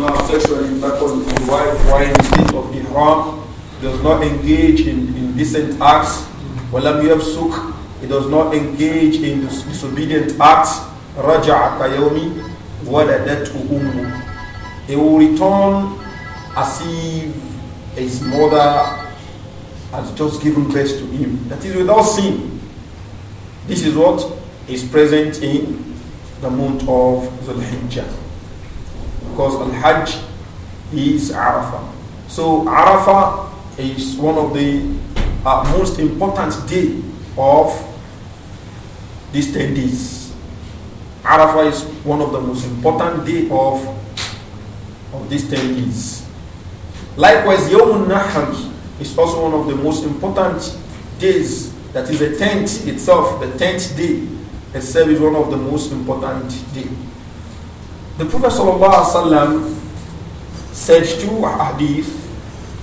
not sexually intercourse with his wife while in state of ihram, does not engage in indecent acts, walam yafsuk, he does not engage in disobedient acts, raja'a kayomi, waladat ummu. He will return as if his mother has just given birth to him. That is without sin. This is what is present in the month of Zulhijjah because Al-Hajj is Arafah. So Arafah is one of the uh, most important day of these 10 days. Arafah is one of the most important day of, of these 10 days. Likewise, Yawm Nahar is also one of the most important days, that is the 10th itself, the 10th day itself is one of the most important day. The Prophet ﷺ said two hadith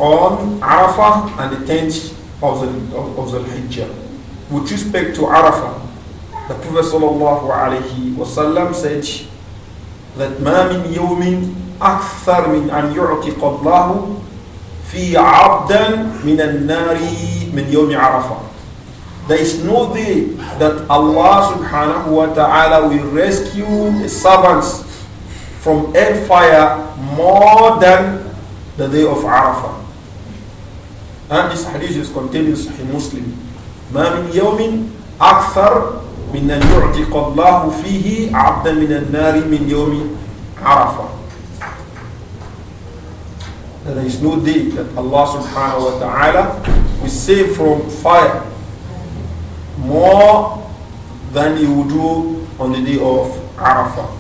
on Arafah and the 10th of the, of, of the Hijjah. With respect to Arafah, the Prophet ﷺ said that ما من يوم أكثر من أن يعتق الله في عبدا من النار من يوم عرفة There is no day that Allah subhanahu wa ta'ala will rescue the servants from hellfire more than the day of Arafah. And this hadith is contained in Muslim. ما من يوم أكثر من أن يعتق الله فيه عبدا من النار من يوم عرفة. There is no day that Allah subhanahu wa ta'ala will save from fire more than he do on the day of Arafah.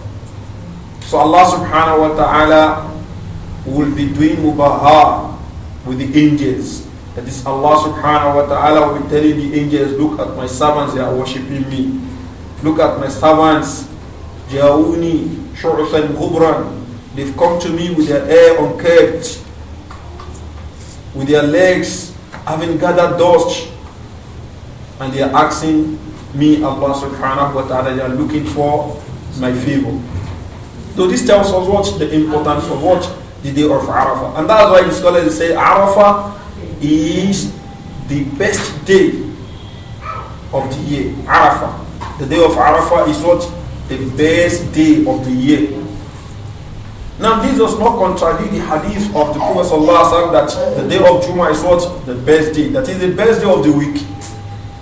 So Allah subhanahu wa ta'ala will be doing mubaha with the angels. That is Allah subhanahu wa ta'ala will be telling the angels, look at my servants, they are worshipping me. Look at my servants, Jauni, Shu'fan, Gubran. They've come to me with their hair unkempt, with their legs having gathered dust. And they are asking me, Allah subhanahu wa ta'ala, they are looking for my favor. So this tells us what the importance of what the day of Arafah. And that's why the scholars say Arafah is the best day of the year. Arafah. The day of Arafah is what? The best day of the year. Now this does not contradict the hadith of the Prophet ﷺ that the day of Jummah is what? The best day. That is the best day of the week.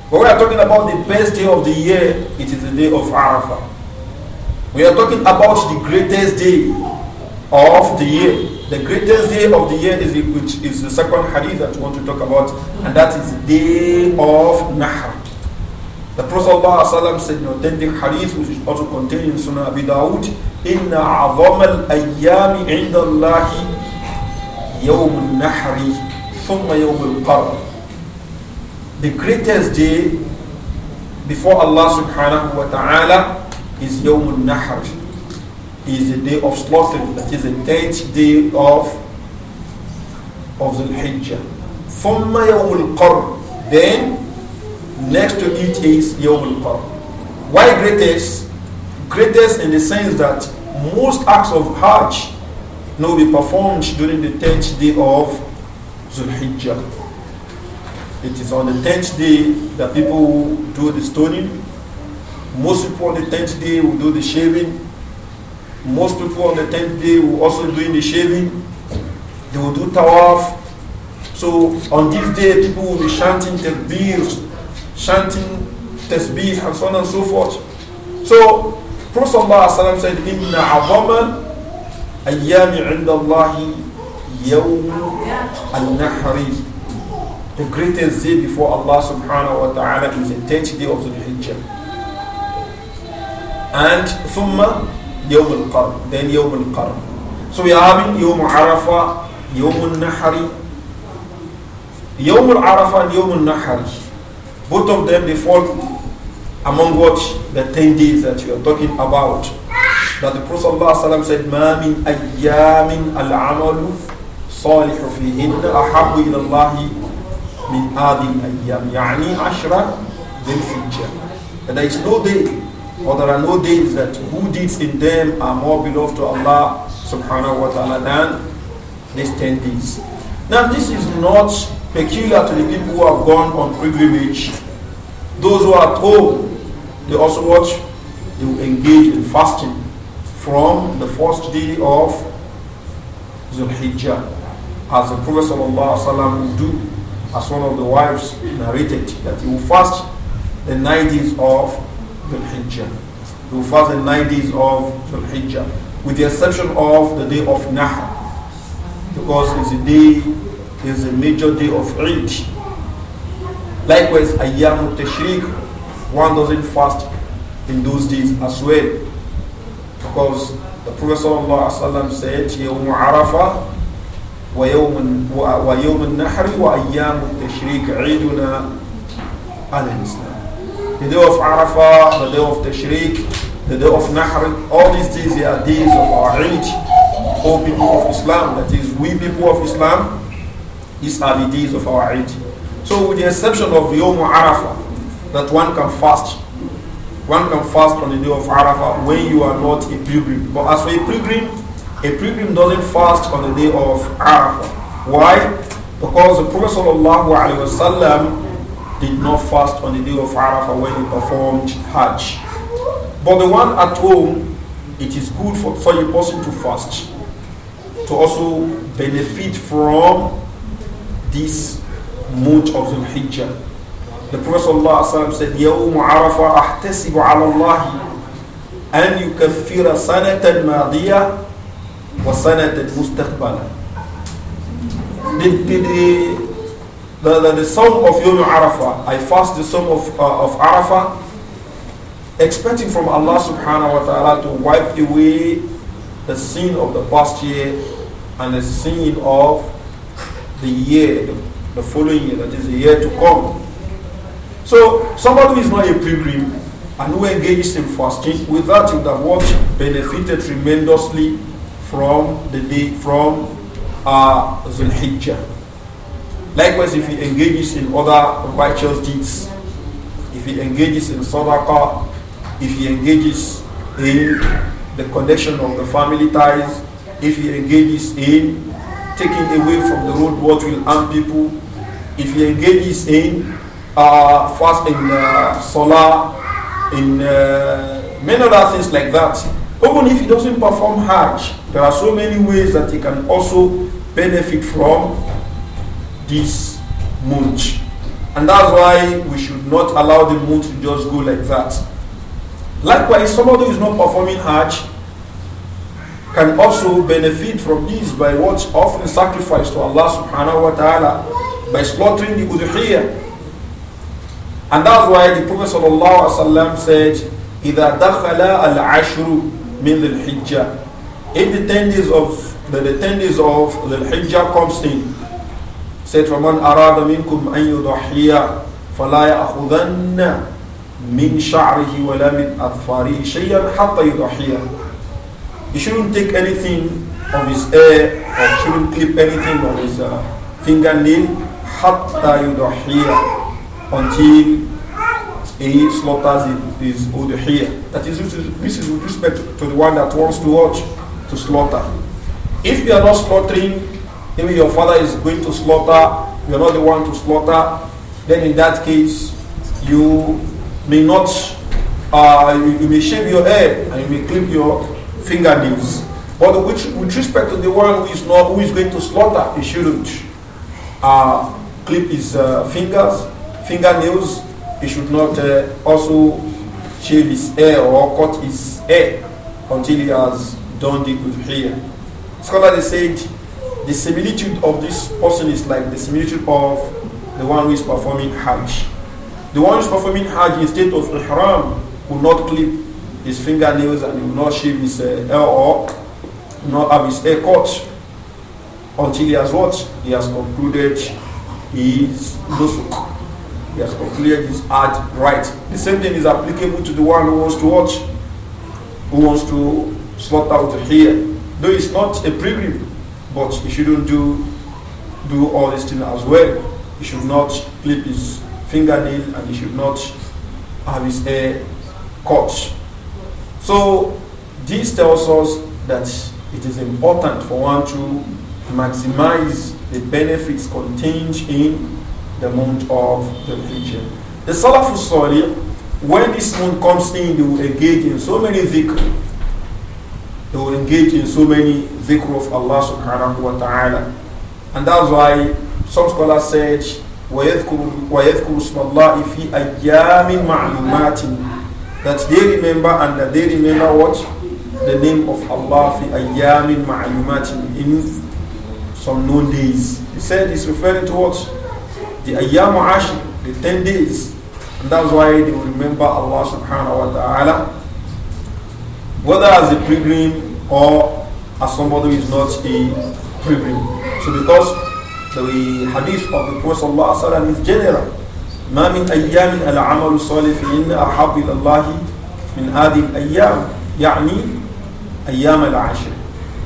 But we are talking about the best day of the year, it is the day of Arafah. We are talking about the greatest day of the year. The greatest day of the year is the, which is the second hadith that we want to talk about, and that is the day of Nahr. The Prophet said in authentic hadith, which is also contained in Sunnah Abi Dawud, إِنَّ عَظَمَ الْأَيَّامِ عِنْدَ اللَّهِ يَوْمُ النَّحْرِ ثُمَّ يَوْمُ الْقَرْضِ The greatest day before Allah subhanahu wa ta'ala is Yawmul Nahr, is the day of slaughter, that is the tenth day of of the Hijjah. From Yawmul Qarr, then next to it is Yawmul Qarr. Why greatest? Greatest in the sense that most acts of Hajj now be performed during the tenth day of Zulhijjah. It is on the tenth day that people do the stoning most people on the tenth day will do the shaving. Most people on the tenth day will also doing the shaving. They will do tawaf. So on this day, people will be chanting tasbih, chanting tasbih, and so on and so forth. So Prophet ﷺ said, "Inna abama ayyami indallahi yawm al-nahri." The greatest day before Allah subhanahu wa ta'ala is the 10th day of the Hijjah. and thumma يوم القرن then يوم القرن so we have يوم عرفة يوم النحر يوم العرفة and يوم النحر both of them they fall among what the 10 days that you are talking about that the Prophet صلى الله عليه وسلم said ما من أيام العمل صالح فيهن أحب إلى الله من هذه الأيام يعني عشرة ذي الحجة and there is no day or there are no days that who deeds in them are more beloved to Allah subhanahu wa ta'ala than these 10 days. Now this is not peculiar to the people who have gone on pilgrimage. Those who are told, they also watch, they will engage in fasting from the first day of Zulhijjah, as the Prophet ﷺ would do, as one of the wives narrated, that he will fast the night days of Dhul Hijjah. You fast the days of Dhul Hijjah, with the exception of the day of Nahr, because it's a day, it's a major day of Eid. Likewise, Ayyam Tashriq, one doesn't fast in those days as well, because the Prophet ﷺ said, يوم عرفة ويوم ويوم النحر وأيام التشريك عيدنا على الإسلام the day of Arafah, the day of Tashriq, the day of Nahr, all these days they are days of our age, O people of Islam, that is, we people of Islam, these are the days of our age. So with the exception of Yom Arafah, that one can fast. One can fast on the day of Arafah when you are not a pilgrim. But as for a pilgrim, a pilgrim doesn't fast on the day of Arafah. Why? Because the Prophet Sallallahu Alaihi Wasallam did not fast on the day of Arafah when he performed Hajj. But the one at home, it is good for, for a person to fast to also benefit from this month of the Hijjah. The Prophet ﷺ said, يَوْمُ عَرَفَ أَحْتَسِبُ عَلَى اللَّهِ أن يكفر سنة ماضية وسنة مستقبلا. The, the, the, the, the of Yom Arafah, I fast the song of, uh, of Arafah, expecting from Allah subhanahu wa ta'ala to wipe away the sin of the past year and the sin of the year, the, the following year, that is the year to come. So somebody who is not a pilgrim and who engages in fasting, with that you would have benefited tremendously from the day from uh, Zulhijjah. Likewise, if he engages in other righteous deeds, if he engages in sodaka, if he engages in the connection of the family ties, if he engages in taking away from the road what will harm people, if he engages in uh, fast in uh, solar, in uh, many other things like that, even if he doesn't perform Hajj, there are so many ways that he can also benefit from this month. And that's why we should not allow the month to just go like that. Likewise, somebody who is not performing Hajj can also benefit from this by what's often sacrifice to Allah subhanahu wa ta'ala by slaughtering the udhiyah. And that's why the Prophet sallallahu alaihi wasallam said, إِذَا دَخَلَ الْعَشْرُ مِنْ الْحِجَّةِ If the 10 days of the, the 10 days of the Hijjah comes in, سيد فَمَنْ أَرَادَ مِنْكُمْ أَنْ يُضَحِيَ فَلَا يَأْخُذَنَّ مِنْ شَعْرِهِ وَلَا مِنْ أَظْفَارِهِ شَيْئًا حَتَّى يُضَحِيَ He shouldn't take anything of his hair or shouldn't clip anything of his uh, fingernail حَتَّى يُضَحِيَ until he slaughters his udhiyah. That is, this is with respect to the one that wants to watch, to slaughter. If they are not slaughtering Maybe your father is going to slaughter, you're not the one to slaughter. Then in that case, you may not, uh, you, you, may shave your hair and you may clip your fingernails. But with, with respect to the one who is not, who is going to slaughter, he shouldn't uh, clip his uh, fingers, fingernails. He should not uh, also shave his hair or cut his hair until he has done the udhiyah. Scholar said the similitude of this person is like the similitude of the one who is performing Hajj. The one who is performing Hajj in state of Ihram will not clip his fingernails and he will not shave his uh, hair uh, or not have his hair cut until he has what? He has concluded his nusuk. He has concluded his art right. The same thing is applicable to the one who wants to watch, who wants to slot out here. Though it's not a pilgrim, but he shouldn't do do all these things as well. He should not clip his fingernail and he should not have his hair cut. So this tells us that it is important for one to maximize the benefits contained in the month of the future. The Salafus story: when this month comes in, they will engage in so many dhikr they will engage in so many dhikr of Allah subhanahu wa ta'ala. And that's why some scholars said, وَيَذْكُرُ اسْمَ اللَّهِ فِي أَيَّامٍ مَعْلُومَاتٍ That they remember and that they remember what? The name of Allah fi ayyamin ma'lumatin in some known days. He said it's referring to what? The ayyamu ashir, the 10 days. And that's why they will remember Allah subhanahu wa ta'ala whether as a pilgrim or as somebody who is not a pilgrim. So because the hadith of the Prophet ﷺ is general. ما من أيام العمل الصالح إن أحب إلى الله من هذه الأيام يعني أيام العشر.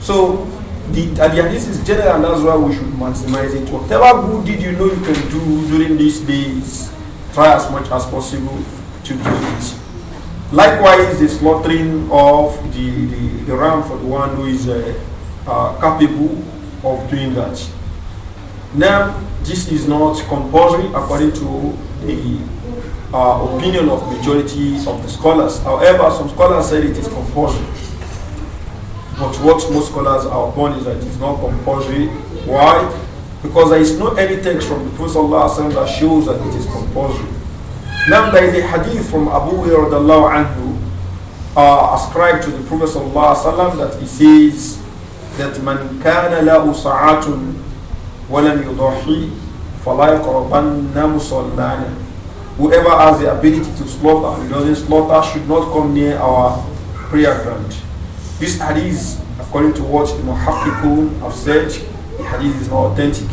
So the, the hadith is general and that's why we should maximize it. Whatever good did you know you can do during these days, try as much as possible to do it. Likewise, the slaughtering of the, the, the ram for the one who is uh, uh, capable of doing that. Now, this is not compulsory according to the uh, opinion of majority of the scholars. However, some scholars said it is compulsory. But what most scholars are upon is that it is not compulsory. Why? Because there is no any text from the Prophet that shows that it is compulsory. Now there is a hadith from Abu Hurairah anhu uh, ascribed to the Prophet sallallahu alaihi wasallam that he says that man kana lahu sa'atun walam yudahi fala yaqrabanna whoever has the ability to slaughter and doesn't slaughter should not come near our prayer ground this hadith according to what the muhakkikun have said the hadith is not authentic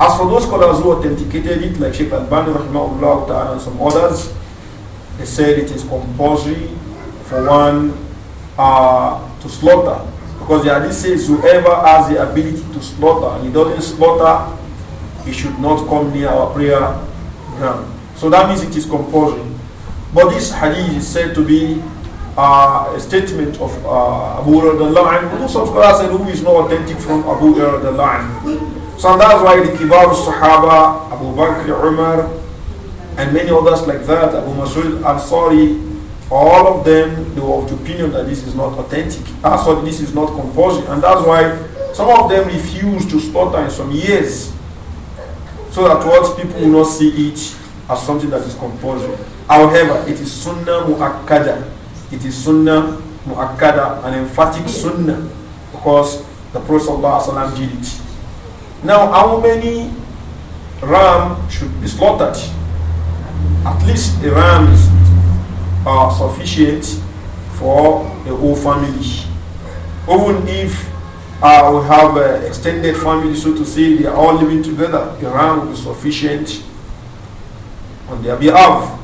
as for those scholars who authenticated it, like Sheikh Al-Bani ta'ala and some others, they said it is compulsory for one uh, to slaughter. Because the hadith says whoever has the ability to slaughter and he doesn't slaughter, he should not come near our prayer ground. So that means it is compulsory. But this hadith is said to be uh, a statement of uh, Abu Hurairah who some scholars said who is not authentic from Abu Hurairah so that's why the Kibar Sahaba, Abu Bakr, Umar, and many others like that, Abu Masud Ansari, all of them, they were of the opinion that this is not authentic. That's sorry, this is not compulsory. And that's why some of them refused to slaughter in some years. So that what people will not see it as something that is compulsory. However, it is sunnah mu'akkada. It is sunnah mu'akkada, an emphatic sunnah, because the Prophet ﷺ did it. Now, how many ram should be slaughtered? At least a ram is sufficient for the whole family. Even if uh, we have an uh, extended family, so to say, they are all living together, the ram will be sufficient on their behalf.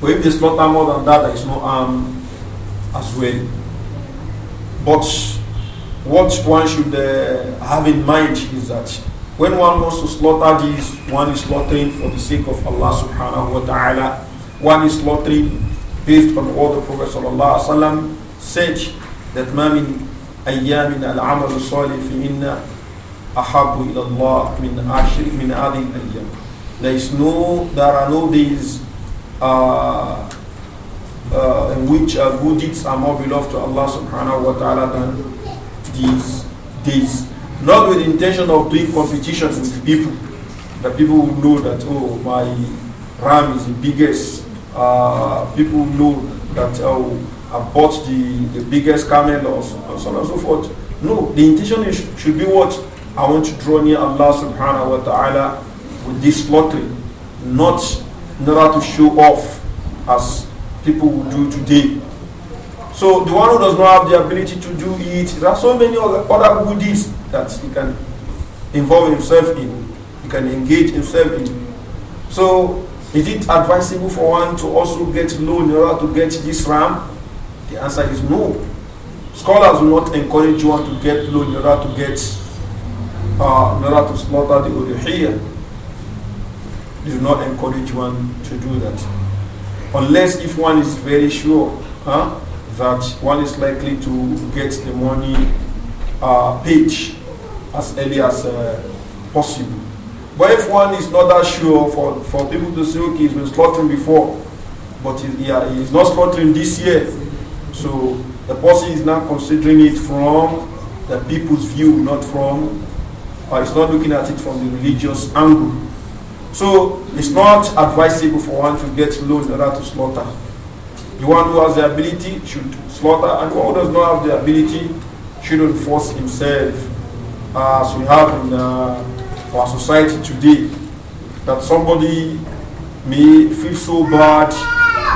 But if they slaughter more than that, there is no harm as well. But what one should uh, have in mind is that when one wants to slaughter these, one is slaughtering for the sake of Allah subhanahu wa ta'ala. One is slaughtering based on what the Prophet sallallahu alaihi wasallam said that ma min ayyamin al-amal salih inna ahabu ila Allah min ashri min adin ayyam. There is no, there are no days uh, uh, in which uh, good deeds are more beloved to Allah subhanahu wa ta'ala than these days. Not with the intention of doing competitions with people. That people will know that, oh, my RAM is the biggest. Uh, people know that, oh, I bought the, the biggest camel or, so on and so forth. No, the intention is, should be what? I want to draw near Allah subhanahu wa ta'ala with this lottery. Not in order to show off as people will do today so the one who does not have the ability to do it, there are so many other, other good deeds that he can involve himself in, he can engage himself in. So is it advisable for one to also get loan in order to get this RAM? The answer is no. Scholars will not encourage one to get loan in order to get uh, in order to slaughter the here. They do not encourage one to do that. Unless if one is very sure, huh? that one is likely to get the money uh, paid as early as uh, possible. But if one is not that sure, for, for people to say, okay, he's been slaughtering before, but he, yeah, uh, he's not slaughtering this year, so the person is now considering it from the people's view, not from, uh, it's not looking at it from the religious angle. So it's not advisable for one to get loans rather order to slaughter. The one who has the ability should slaughter, and who does not have the ability shouldn't force himself, as we have in uh, our society today, that somebody may feel so bad,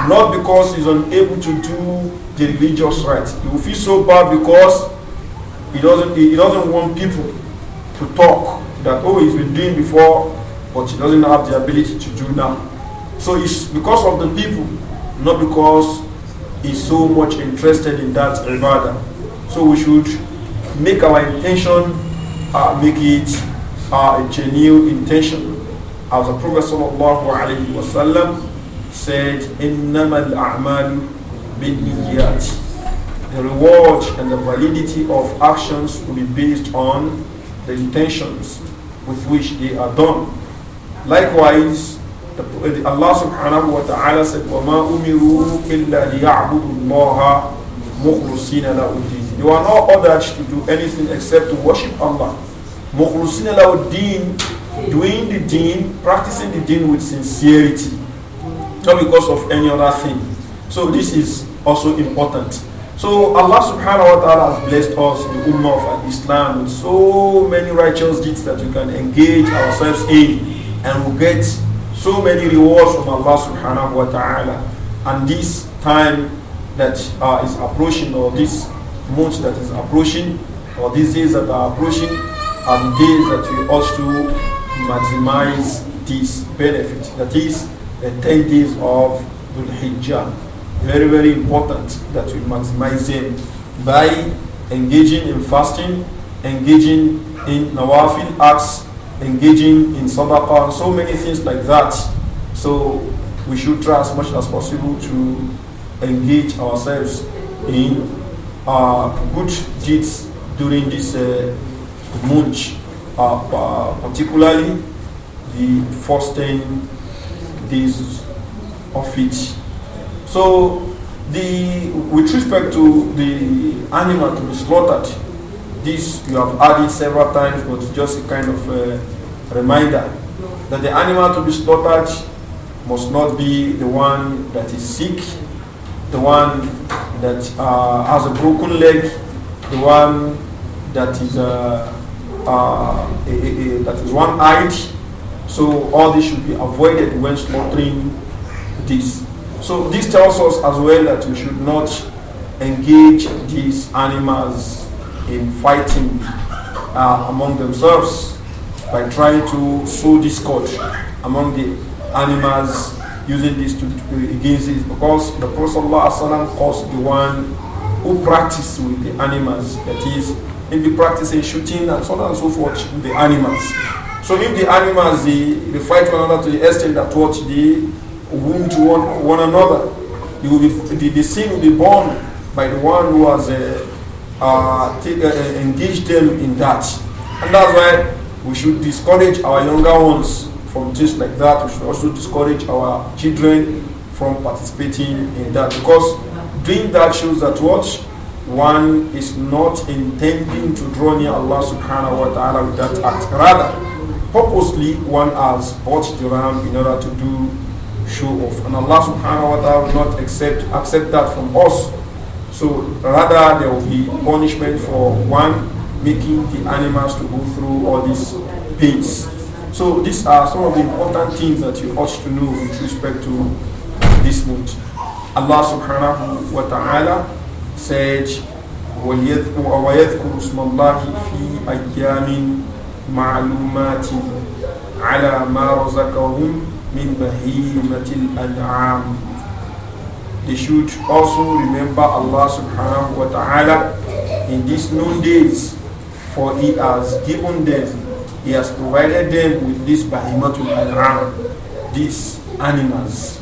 not because he's unable to do the religious right. He will feel so bad because he doesn't, he doesn't want people to talk that, oh, he's been doing before, but he doesn't have the ability to do now. So it's because of the people not because he's so much interested in that ibadah. So we should make our intention, uh, make it uh, a genuine intention. As the Prophet wasallam said, إِنَّمَا الْأَعْمَالُ بِالنِّيَّاتِ The reward and the validity of actions will be based on the intentions with which they are done. Likewise, Allah subhanahu wa ta'ala said, وَمَا أُمِرُوا إِلَّا لِيَعْبُدُوا اللَّهَ مُخْلُصِينَ لَهُ You are not ordered to do anything except to worship Allah. مُخْلُصِينَ لَهُ Doing the deen, practicing the deen with sincerity. Not because of any other thing. So this is also important. So Allah subhanahu wa ta'ala has blessed us, the Ummah of Islam, with so many righteous deeds that we can engage ourselves in and we we'll get so many rewards from Allah subhanahu wa ta'ala. And this time that uh, is approaching, or this month that is approaching, or these days that are approaching, are days that we ought to maximize this benefit. That is the 10 days of Dhul Hijjah. Very, very important that we maximize them by engaging in fasting, engaging in nawafil acts engaging in sadaqah, so many things like that. So we should try as much as possible to engage ourselves in uh, good deeds during this uh, month, uh, particularly the first 10 days of it. So the, with respect to the animal to be slaughtered, this you have added several times, but it's just a kind of uh, reminder that the animal to be slaughtered must not be the one that is sick, the one that uh, has a broken leg, the one that is uh, uh, a, a, a, that is one-eyed. So all this should be avoided when slaughtering this. So this tells us as well that we should not engage these animals in fighting uh, among themselves by trying to sow discord among the animals using this to, to against this because the Prophet ﷺ caused the one who practices with the animals that is practice practicing shooting and so on and so forth with the animals. So if the animals they, they fight one another to the extent that what they wound one, one another, will be, the, the sin will be borne by the one who has uh, uh, uh, uh, engage them in that. And that's why we should discourage our younger ones from things like that. We should also discourage our children from participating in that because doing that shows that what one is not intending to draw near Allah subhanahu wa ta'ala with that act. Rather, purposely one has bought the ram in order to do show off. And Allah subhanahu wa ta'ala will not accept accept that from us. So rather there will be punishment for one making the animals to go through all these pains. So these are some of the important things that you ought to know with respect to this month. Allah subhanahu wa ta'ala said, ويذكر اسم الله في أيام معلومات على ما رزقهم من بهيمة الأنعام they should also remember Allah subhanahu wa ta'ala in these noon days for he has given them, he has provided them with this bahimatul al these animals,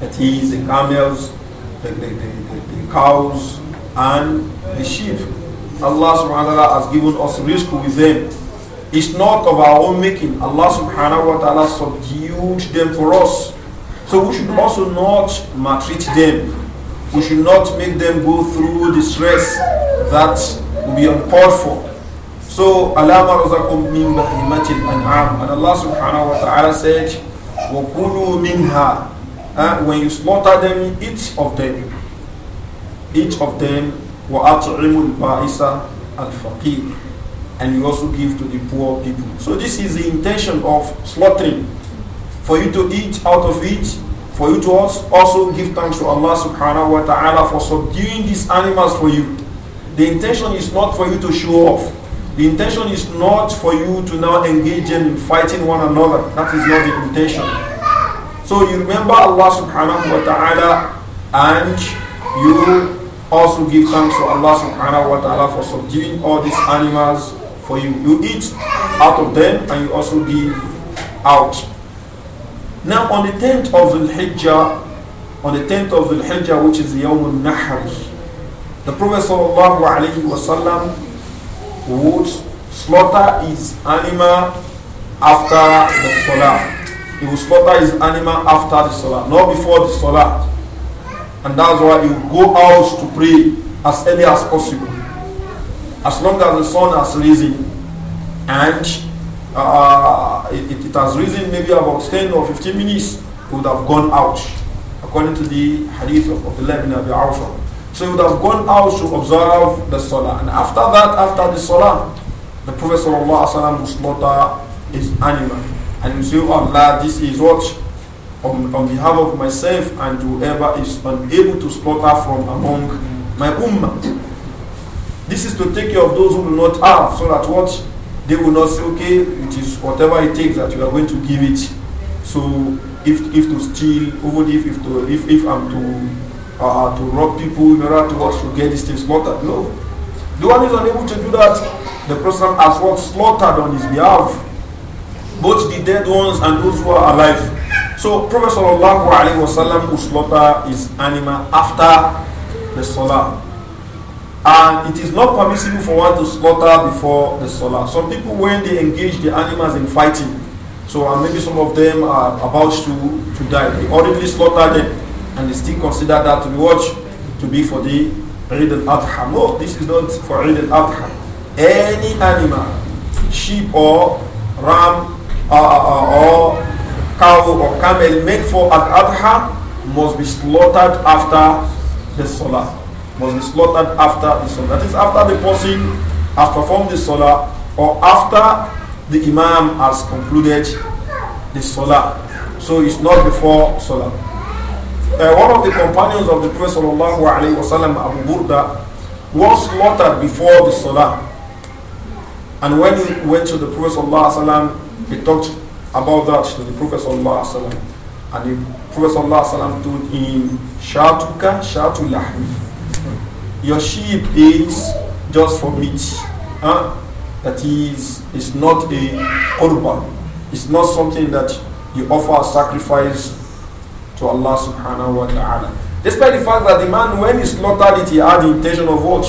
that is the camels, the, the, the, the cows, and the sheep. Allah subhanahu wa ta'ala has given us risk with them. It's not of our own making. Allah subhanahu wa ta'ala subdued them for us. So we should also not maltreat them. We should not make them go through the stress that will be uncalled for. So Allah razaqakum min bahimatil an'am and Allah subhanahu wa ta'ala said wa minha uh, when you slaughter them each of them each of them wa at'imul ba'isa al-faqir and you also give to the poor people. So this is the intention of slaughtering for you to eat out of it, for you to also give thanks to Allah subhanahu wa ta'ala for subduing these animals for you. The intention is not for you to show off. The intention is not for you to now engage in fighting one another. That is not the intention. So you remember Allah subhanahu wa ta'ala and you also give thanks to Allah subhanahu wa ta'ala for subduing all these animals for you. You eat out of them and you also give out. Now, on the 10th of Dhul Hijjah, on the 10th of Dhul Hijjah, which is the Yawm al Nahr, the Prophet wasallam would slaughter his animal after the Salah. He would slaughter his animal after the Salah, not before the Salah. And that's why he would go out to pray as early as possible, as long as the sun has risen and uh, uh it, it, has risen maybe about 10 or 15 minutes, it would have gone out, according to the hadith of Abdullah ibn Abi Awfa. So he would have gone out to observe the Salah. And after that, after the Salah, the Prophet ﷺ will slaughter his animal. And say, oh, Allah, this is what? On, on behalf of myself and whoever is unable to slaughter from among my ummah. This is to take care of those who do not have, so that what? they will not say, okay, it is whatever it takes that you are going to give it. So if if to steal, even if if to, if, if I'm to uh, to rob people in order to what to get these things slaughtered, no. The one who is unable to do that, the person has what slaughtered on his behalf, both the dead ones and those who are alive. So Prophet sallallahu alaihi wasallam will slaughter his animal after the salah. And it is not permissible for one to slaughter before the Salah. Some people, when they engage the animals in fighting, so maybe some of them are about to, to die, they already slaughtered them, and they still consider that to be what? To be for the Eid al-Adha. No, this is not for Eid al-Adha. Any animal, sheep or ram uh, uh, uh or cow or camel made for al-Adha must be slaughtered after the Salah must be slaughtered after the salah. That is after the person has performed the salah or after the imam has concluded the salah. So it's not before salah. Uh, one of the companions of the Prophet sallallahu Abu Burda, was slaughtered before the salah. And when he went to the Prophet sallallahu he talked about that to the Prophet sallallahu and the Prophet sallallahu told him, "Shatuka shatu lahmi." your sheep is just for meat. Huh? That is, it's not a korban. It's not something that you offer sacrifice to Allah subhanahu wa ta'ala. Despite the fact that the man, when he slaughtered it, he had the intention of what?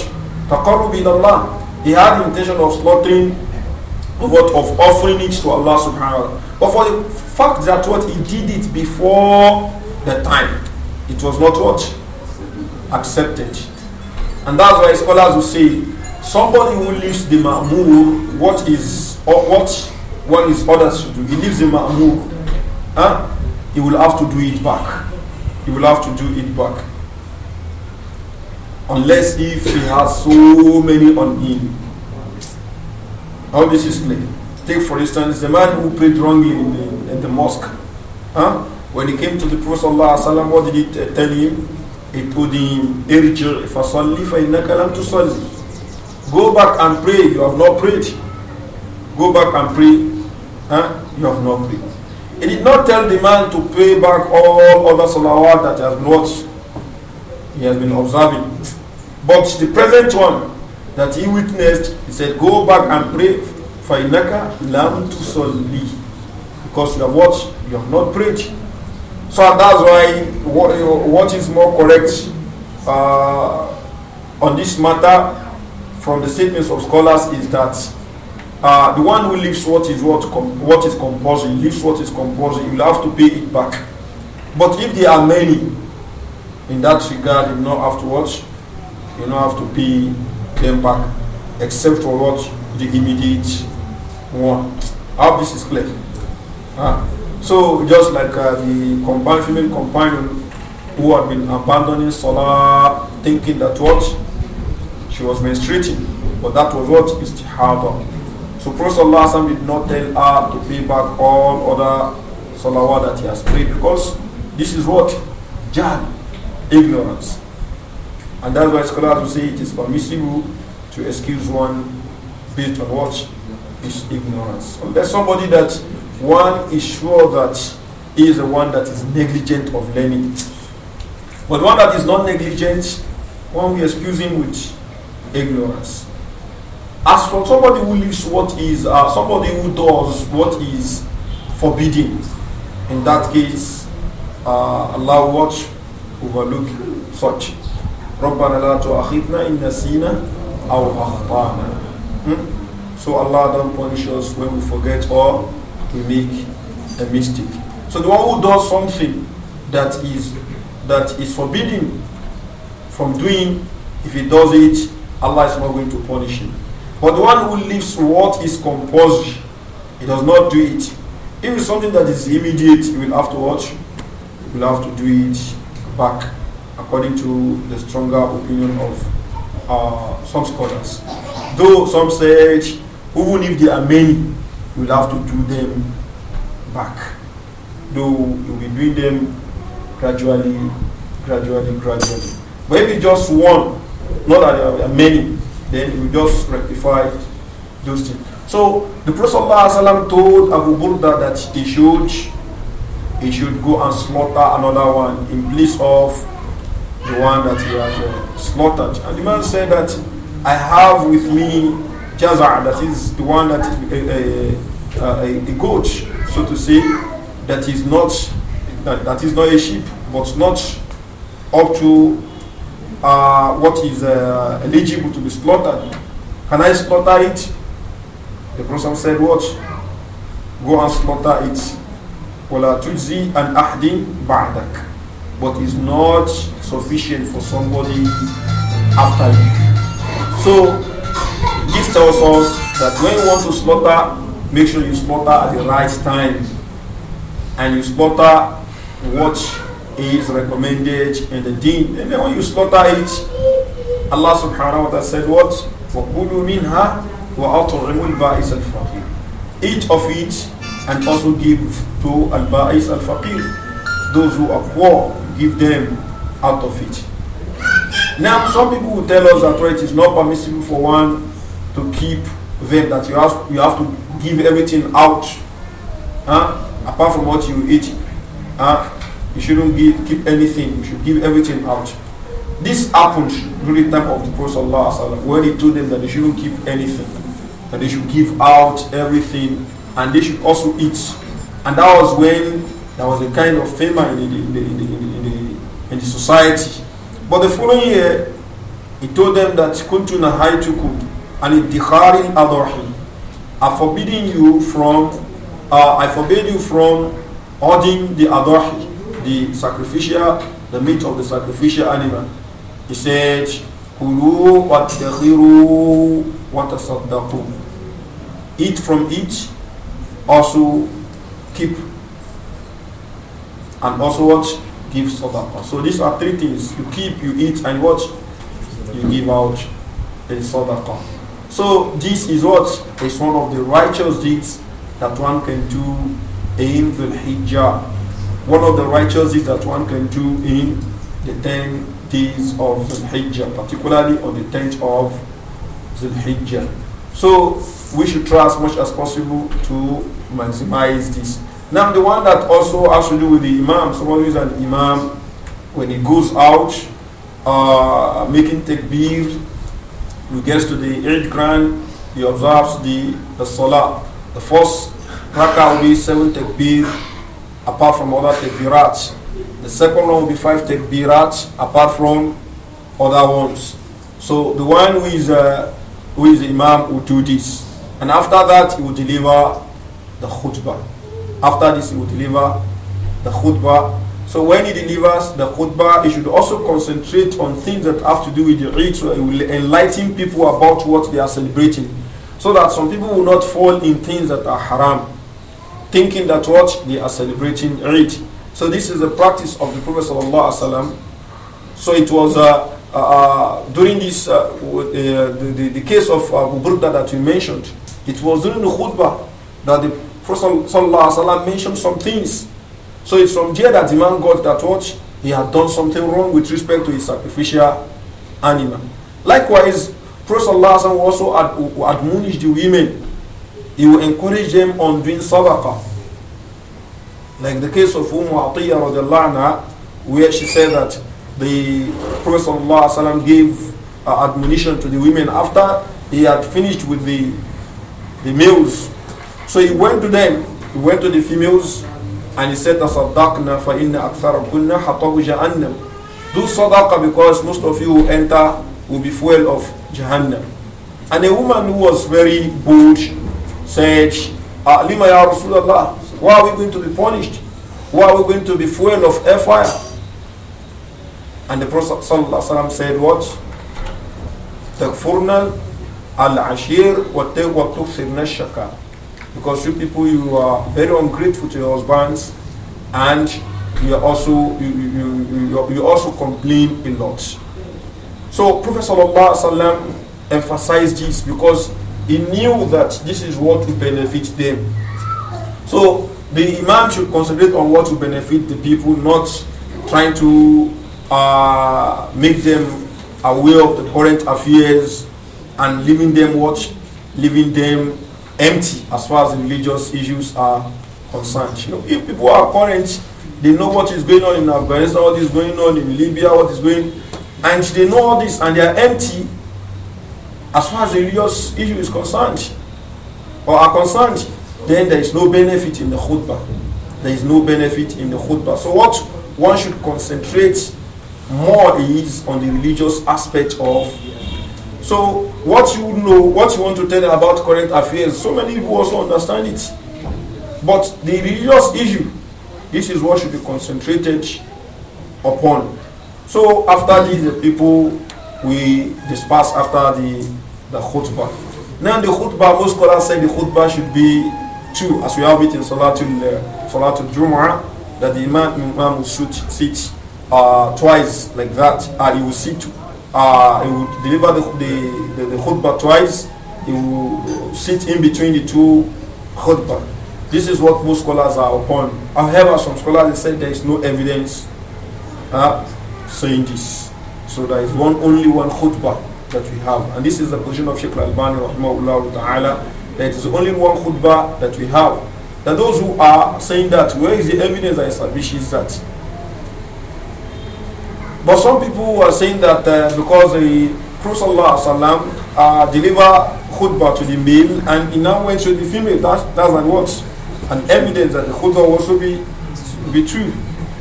Taqarrub Allah. He had the intention of slaughtering, what? Of offering it to Allah subhanahu wa ta'ala. But for the fact that what he did it before the time, it was not what? Accepted. And that's why scholars will say somebody who leaves the ma'mur, what is or what is what what is others should do. He leaves the ma'mur, huh? he will have to do it back. He will have to do it back. Unless if he has so many on him. How this is clear. Take for instance the man who prayed wrongly in the, in the mosque. Huh? When he came to the Prophet, what did he tell him? He to him, Go back and pray, you have not prayed. Go back and pray, huh? you have not prayed. He did not tell the man to pay back all other salawat that he has not he has been observing. But the present one that he witnessed, he said, Go back and pray for Inaka Lam to Because you have watched You have not prayed. So that's why what is more correct uh, on this matter from the statements of scholars is that uh, the one who leaves what is what what is compulsory leaves what is compulsory, you will have to pay it back. But if there are many in that regard, you know afterwards, you don't have to pay them back, except for what the immediate one. How this is clear. Huh? So just like uh, the combined female companion who had been abandoning Salah thinking that what she was menstruating, but that was to happen. So Prophet Sallallahu did not tell her to pay back all other salawat that he has prayed because this is what? Jan, ignorance. And that's why scholars will say it is permissible to excuse one based on what? His ignorance. Unless somebody that one is sure that he is the one that is negligent of learning. But one that is not negligent, one we excuse him with ignorance. As for somebody who lives what is, uh, somebody who does what is forbidden, in that case, uh, Allah watch overlook such. ربنا لا تؤاخذنا إن نسينا أو أخطأنا. Hmm? So Allah don't punish us when we forget or we make a mistake. So the one who does something that is that is forbidden from doing, if he does it, Allah is not going to punish him. But the one who leaves what is compulsory, he does not do it. If it's something that is immediate, he will have to watch, he will have to do it back, according to the stronger opinion of uh, some scholars. Though some say, even if there are many, will have to do them back. Though we will do them gradually, gradually, gradually. But if just one, not that there are many, then we just rectify those things. So the Prophet ﷺ told Abu Burda that he should, he should go and slaughter another one in place of the one that he has uh, slaughtered. And the man said that I have with me jaza, that is the one that is a, uh, uh, uh, a, a, goat, so to say, that is not that, that is not a sheep, but not up to uh, what is uh, eligible to be slaughtered. Can I slaughter it? The Prophet said, "What? Go and slaughter it." ولا تجزي عن but is not sufficient for somebody after you. So this tells us that when you want to slaughter, make sure you slaughter at the right time and you slaughter what is recommended in the deen. And then when you slaughter it, Allah subhanahu wa ta'ala said what? وَقُلُوا مِنْهَا وَأَطْعِمُوا al-Faqir? Eat of it and also give to al-ba'is al-faqir. Those who are poor, give them out of it. Now, some people will tell us that right, it is not permissible for one to keep them that you have you have to give everything out huh? apart from what you eat huh? you shouldn't give, keep anything you should give everything out this happened during the time of the prophet when he told them that they shouldn't keep anything that they should give out everything and they should also eat and that was when there was a kind of famine in the, in the, in the, in the, in the society but the following year he told them that and iddikhari adahi. I forbidding you from, uh, I forbid you from ordering the adahi, the sacrificial, the meat of the sacrificial animal. He said, Kulu watakhiru watasaddaqu. Eat from it, also keep, and also what? Give sadaqah. So these are three things. You keep, you eat, and what? You give out in sadaqah. So this is what is one of the righteous deeds that one can do in the Hijjah. One of the righteous deeds that one can do in the 10 days of the Hijjah, particularly on the 10th of the Hijjah. So we should try as much as possible to maximize this. Now the one that also has to do with the Imam, someone who is an Imam, when he goes out, uh, making takbir, you get to the eighth grand, He observe the, the Salah. The first Raka will be seven takbir, apart from other takbirat. The second one will be five takbirat, apart from other ones. So the one who is, uh, who is Imam will do this. And after that, he will deliver the khutbah. After this, he will deliver the khutbah so when he delivers the khutbah, he should also concentrate on things that have to do with the Eid, so he will enlighten people about what they are celebrating. So that some people will not fall in things that are haram, thinking that what they are celebrating Eid. So this is the practice of the Prophet Sallallahu So it was uh, uh, uh during this, uh, uh, the, the, the, case of Abu Burda that you mentioned, it was during the khutbah that the Prophet Sallallahu mentioned some things so it's from there that the man got that what he had done something wrong with respect to his sacrificial animal. Likewise, Prophet Allah also ad- admonish the women. He will encourage them on doing sadaqah. Like the case of Umm Atiyah where she said that the Prophet gave uh, admonition to the women after he had finished with the, the males. So he went to them, he went to the females and he said, Tasaddaqna fa inna aktharakunna hatabu jahannam. Do sadaqah because most of you who enter will be full of Jahannam. And a woman who was very bold said, ah, Lima ya Rasulullah, why are we going to be punished? Why are we going to be full of fire? And the Prophet ﷺ said what? wa العشير وتكفرنا shakar because you people, you are very ungrateful to your husbands and you also you, you, you, you also complain a lot. So Prophet Sallallahu emphasized this because he knew that this is what will benefit them. So the Imam should concentrate on what will benefit the people, not trying to uh, make them aware of the current affairs and leaving them what? Leaving them empty as far as religious issues are concerned. You know, if people are current, they know what is going on in Afghanistan, what is going on in Libya, what is going and they know all this and they are empty as far as the religious issue is concerned or are concerned, then there is no benefit in the khutbah. There is no benefit in the khutbah. So what one should concentrate more is on the religious aspect of so what you know, what you want to tell them about current affairs, so many people also understand it. But the religious issue, this is what should be concentrated upon. So after this, the people we disperse after the the khutbah. Now the khutbah, most scholars say the khutbah should be two, as we have it in Salatul uh, Salatul Jumu'ah, that the Imam Imam will sit, sit uh, twice like that, and he will sit uh, he would deliver the, the, the, the khutbah twice, he will sit in between the two khutbah. This is what most scholars are upon. However, some scholars have said there is no evidence uh, saying this. So there is one only one khutbah that we have. And this is the position of Sheikh Al-Albani rahimahullah That it is only one khutbah that we have. That those who are saying that, where is the evidence that establishes that? But some people are saying that uh, because the Prophet sallam, uh, deliver khutbah to the male and in now went to the female, that, that's not what? An evidence that the khutbah also be, be true.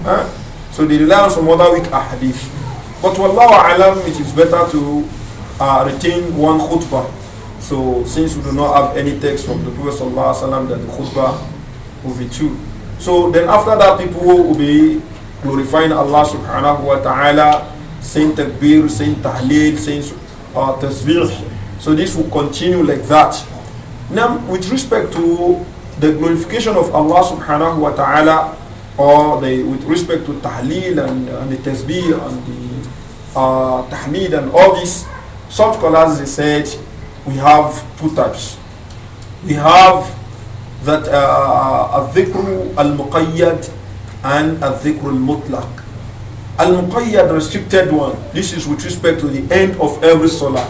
Huh? So they rely on some other weak ahadith. But wallahu alam, it is better to uh, retain one khutbah. So since we do not have any text from the Prophet sallam, that the khutbah will be true. So then after that people will be glorifying Allah subhanahu wa ta'ala, saying takbir, saying tahleel, saying uh, tasbih. So this will continue like that. Now, with respect to the glorification of Allah subhanahu wa ta'ala, or the, with respect to tahleel and, and the tasbih and the uh, tahmid and all this, some scholars they said we have two types. We have that uh, a dhikru al-muqayyad and al-dhikr al-mutlaq. Al-muqayyad, restricted one. This is with respect to the end of every salah.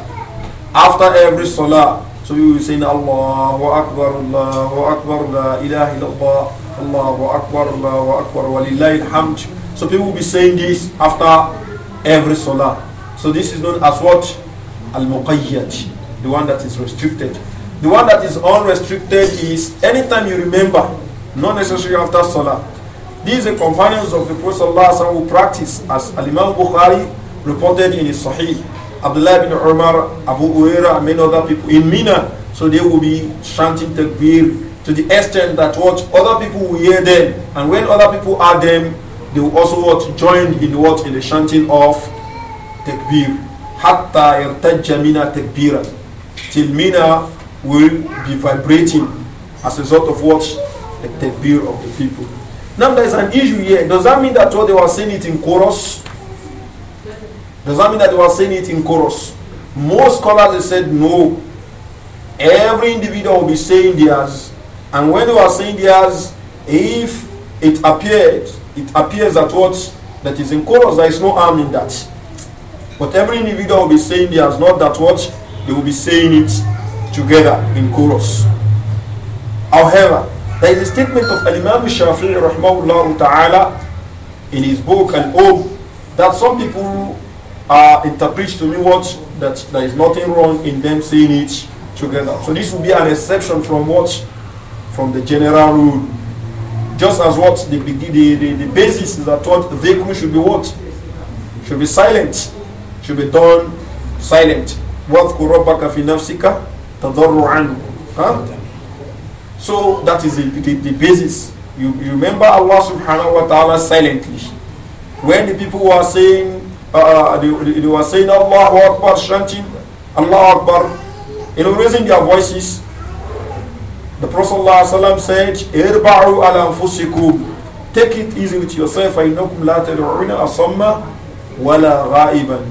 After every salah, so you will say, Allahu Akbar, Allahu Akbar, La ilaha illallah, Allahu Akbar, Allahu Akbar, walillahi alhamd. So people will be saying this after every salah. So this is known as what? Al-muqayyad, the one that is restricted. The one that is unrestricted is anytime you remember, not necessarily after salah. These are companions of the Prophet ﷺ who practice as Al-Imam Bukhari reported in his Sahih. Abdullah bin Umar, Abu Uwaira and many other people in Mina. So they will be chanting takbir to the extent that what other people will hear them. And when other people hear them, they will also what join in what in the chanting of takbir. Hatta irtajja Mina takbira. Till Mina will be vibrating as a result of what? The takbir of the people. Now there's an issue here. Does that mean that what they were saying it in chorus? Does that mean that they were saying it in chorus? Most scholars have said no. Every individual will be saying theirs. And when they were saying theirs, if it appeared, it appears that what that is in chorus, there is no harm in that. But every individual will be saying theirs, not that what they will be saying it together in chorus. However, there is a statement of Imam Shafi'i rahmahullah ta'ala in his book Al-Om that some people uh, interpret to me what that there is nothing wrong in them saying it together. So this will be an exception from what? From the general rule. Just as what the, the, the, the basis is that what the vehicle should be what? Should be silent. Should be done silent. وَاذْكُرْ رَبَّكَ فِي نَفْسِكَ Huh? So that is the, the, the basis. You, you, remember Allah subhanahu wa ta'ala silently. When the people were saying, uh, uh they, they were saying Allah Akbar, chanting Allah Akbar, you know, raising their voices, the Prophet ﷺ said, Irba'u ala anfusikum. Take it easy with yourself. فَإِنَّكُمْ لَا أَصَمَّ وَلَا غَائِبًا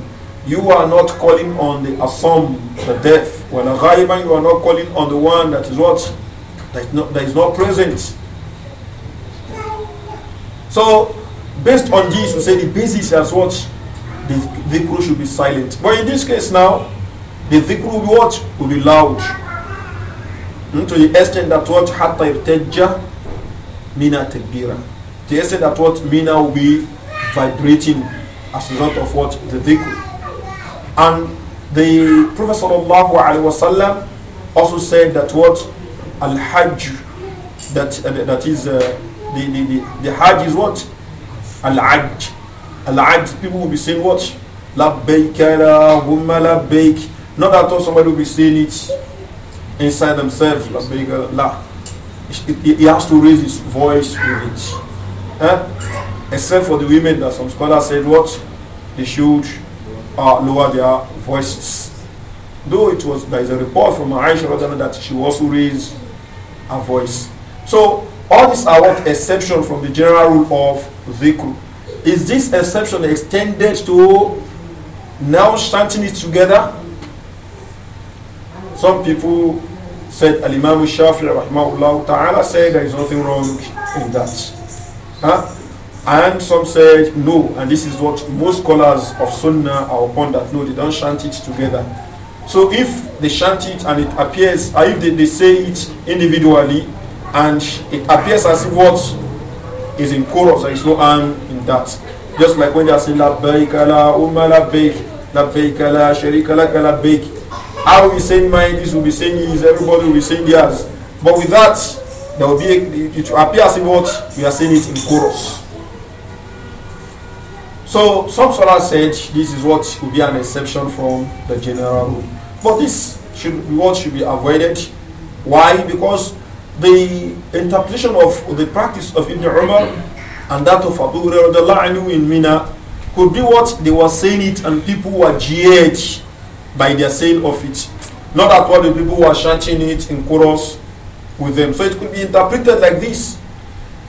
You are not calling on the asam, the deaf. وَلَا غَائِبًا You are not calling on the one that is what? There is no, there is no presence. So, based on this, we say the basis as what the dhikr should be silent. But in this case now, the dhikr will be what? Will be loud. Mm, to the extent that what? Hatta irtajja mina takbira. The extent that what? Mina will be vibrating as a result of what? The dhikr. And the Prophet sallallahu alaihi wasallam also said that what? al-hajj that uh, that is uh, the, the, the the hajj is what al-hajj al-hajj people will be saying what labbaik allahumma labbaik not that all somebody will be saying it inside themselves labbaik allah he has to raise his voice with it eh? except for the women that some scholars said what they should uh, lower their voices though it was there is a report from Aisha that she also raised and voice. So all these are what exception from the general rule of dhikr. Is this exception extended to now chanting it together? Some people said Al-Imam Shafi'i rahimahullah ta'ala said there is nothing wrong in that. Huh? And some said no, and this is what most scholars of Sunnah are upon that no, they don't chant it together. So if they chant it and it appears, or if they, they say it individually and it appears as if what is in chorus, there is no harm in that. Just like when they are saying labbaik la umma labbaik, labbaik la sharika la labbaik. I will be saying mine, this will be saying his, everybody will be saying theirs. But with that, there will be a, it will appear as if what we are saying it in chorus. So some scholars said this is what will be an exception from the general rule. But this should what should be avoided. Why? Because the interpretation of the practice of Ibn Umar and that of Abu Hurairah in Mina could be what they were saying it and people were jeered by their saying of it. Not at all the people were chanting it in chorus with them. So it could be interpreted like this.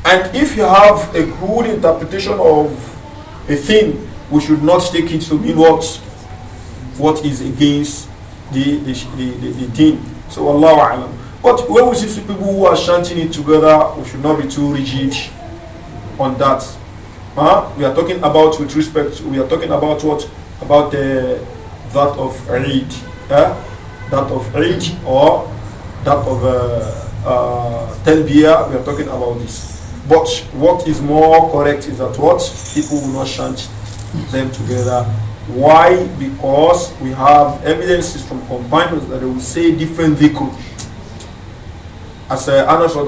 And if you have a good interpretation of a thing, we should not take it to mean what what is against the, the, the, the deen. So, Allah Alam. But when we see people who are chanting it together, we should not be too rigid on that. Huh? We are talking about, with respect, we are talking about what? About the, that of Eid. Huh? Eh? That of Eid or that of uh, uh, we are talking about this. But what is more correct is that what? People will not chant them together why? Because we have evidences from companions that they will say different dhikr. As uh, Anas or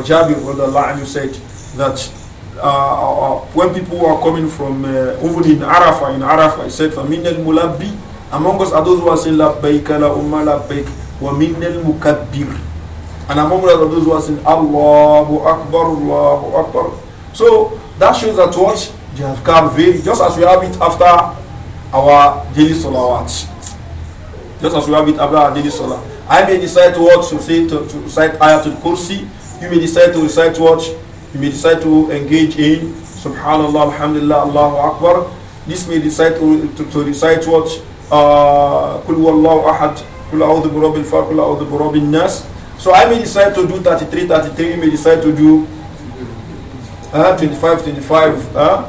Jabir you said that uh, uh when people are coming from uh, even in Arafah, in Arafah, he said, فَمِنَّ الْمُلَبِّ Among us are those who are saying, لَبَّيْكَ لَأُمَّ لَبَّيْكَ وَمِنَّ الْمُكَبِّرِ and among us are those who are saying, Allahu Akbar, Allahu Akbar. So that shows that what? They have come very, just as we have it after our daily salawat. Just as we have with Abraham daily salah. I may decide to watch to say to, to recite Ayatul Kursi. You may decide to recite watch. you may decide to engage in Subhanallah, Alhamdulillah, Allahu Akbar. This may decide to, to, to recite what uh, Kul Wallahu Ahad, Kul A'udhu Birabil Far, Kul A'udhu Birabil Nas. So I may decide to do 33, 33. You may decide to do uh, 25, 25. Uh,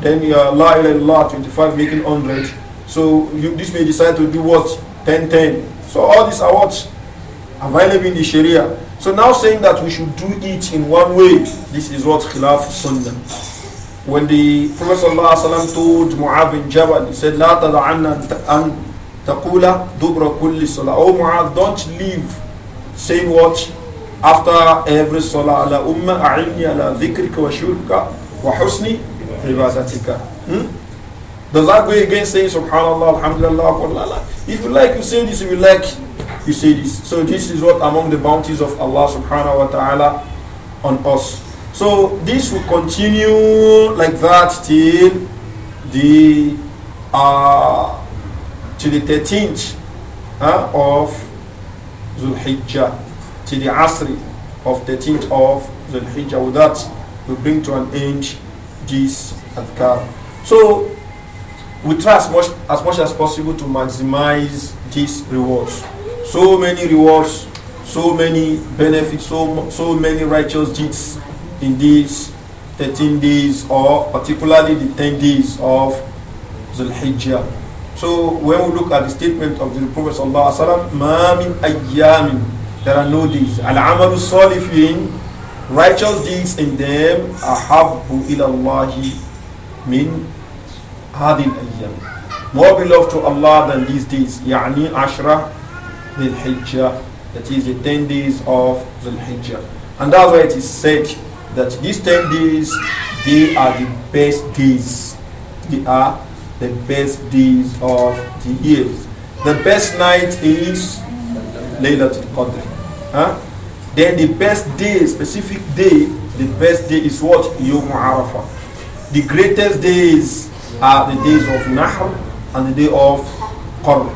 then you are La ilaha illallah, 25 making 100. So you, this may decide to do what? 10 10. So all these are Available in the Sharia. So now saying that we should do it in one way, this is what Khilaf Sunnah. When the Prophet ﷺ told Mu'ab bin Jabal, he said, "Lā تدعنا أن تقول دبر كل صلاة. Oh Mu'ab, don't leave saying what? After every salah, ala أعني wa ذكرك wa husnī riba zatika. Hmm? Does that go against saying subhanallah, alhamdulillah, If you like, you say this. If you like, you say this. So this is what among the bounties of Allah subhanahu wa ta'ala on us. So this will continue like that till the uh, till the 13th uh, of Zulhijjah, till the Asri of 13th of Zulhijjah. With that, we bring to an end these adhkar. So we try as much as much as possible to maximize these rewards. So many rewards, so many benefits, so so many righteous deeds in these 13 days, or particularly the 10 days of Zul Hijjah. So when we look at the statement of the Prophet sallallahu alaihi wasallam, "Ma there are no days. Al-amalu salih righteous deeds in them ahabbu ila Allahi min hadil ayyam. More beloved to Allah than these deeds. Yani ashra bil hijjah. That is the 10 days of the hijjah. And that's why it is said that these 10 days, they are the best days. They are the best days of the years. The best night is Laylatul Qadr. Huh? Then the best day, specific day, the best day is what? Yom Arafah. The greatest days are the days of Nahr and the day of Qarn.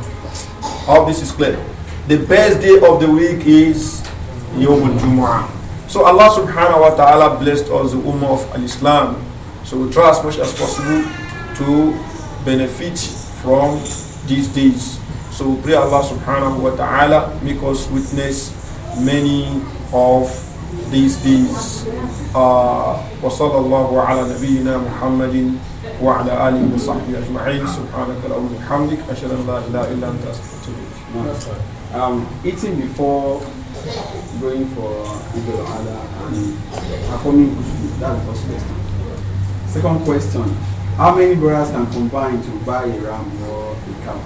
All this is clear. The best day of the week is Yom Jumu'ah. So Allah subhanahu wa ta'ala blessed us the Ummah of Al-Islam. So we try as much as possible to benefit from these days. So we pray Allah subhanahu wa ta'ala make us witness many of these deeds. Uh, وصلى الله على نبينا محمد وعلى آله وصحبه أجمعين سبحانك اللهم وبحمدك أشهد أن لا إله إلا أنت أستغفرك Um, eating before going for Idul Adha and performing Kushmi, that's the first question. Second question, how many brothers can combine to buy a ram or a cow?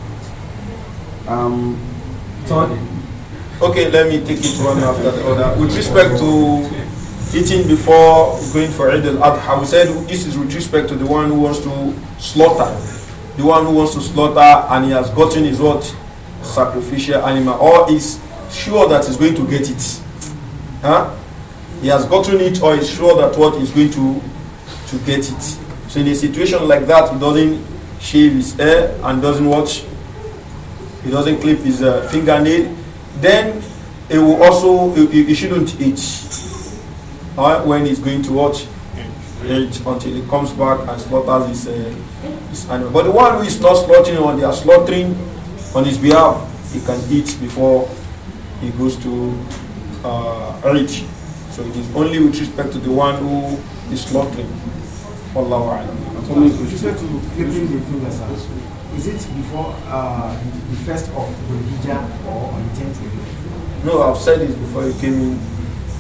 Um, third, Okay, let me take it one after the other. With respect to eating before going for Eid al-Adha, we said this is with respect to the one who wants to slaughter. The one who wants to slaughter and he has gotten his what? Sacrificial animal. Or is sure that he's going to get it. Huh? He has gotten it or is sure that what he's going to, to get it. So in a situation like that, he doesn't shave his hair and doesn't watch. He doesn't clip his uh, fingernail then it will also It shouldn't eat when he's going to watch eat until he comes back and slaughters his, uh, animal. But the one who is not slaughtering or they are slaughtering on his behalf, he can eat before he goes to uh, eat. So it is only with respect to the one who is slaughtering. Allahu Alam is it before uh, the first of Hijab or on the 10th of No, I've said this before you came in.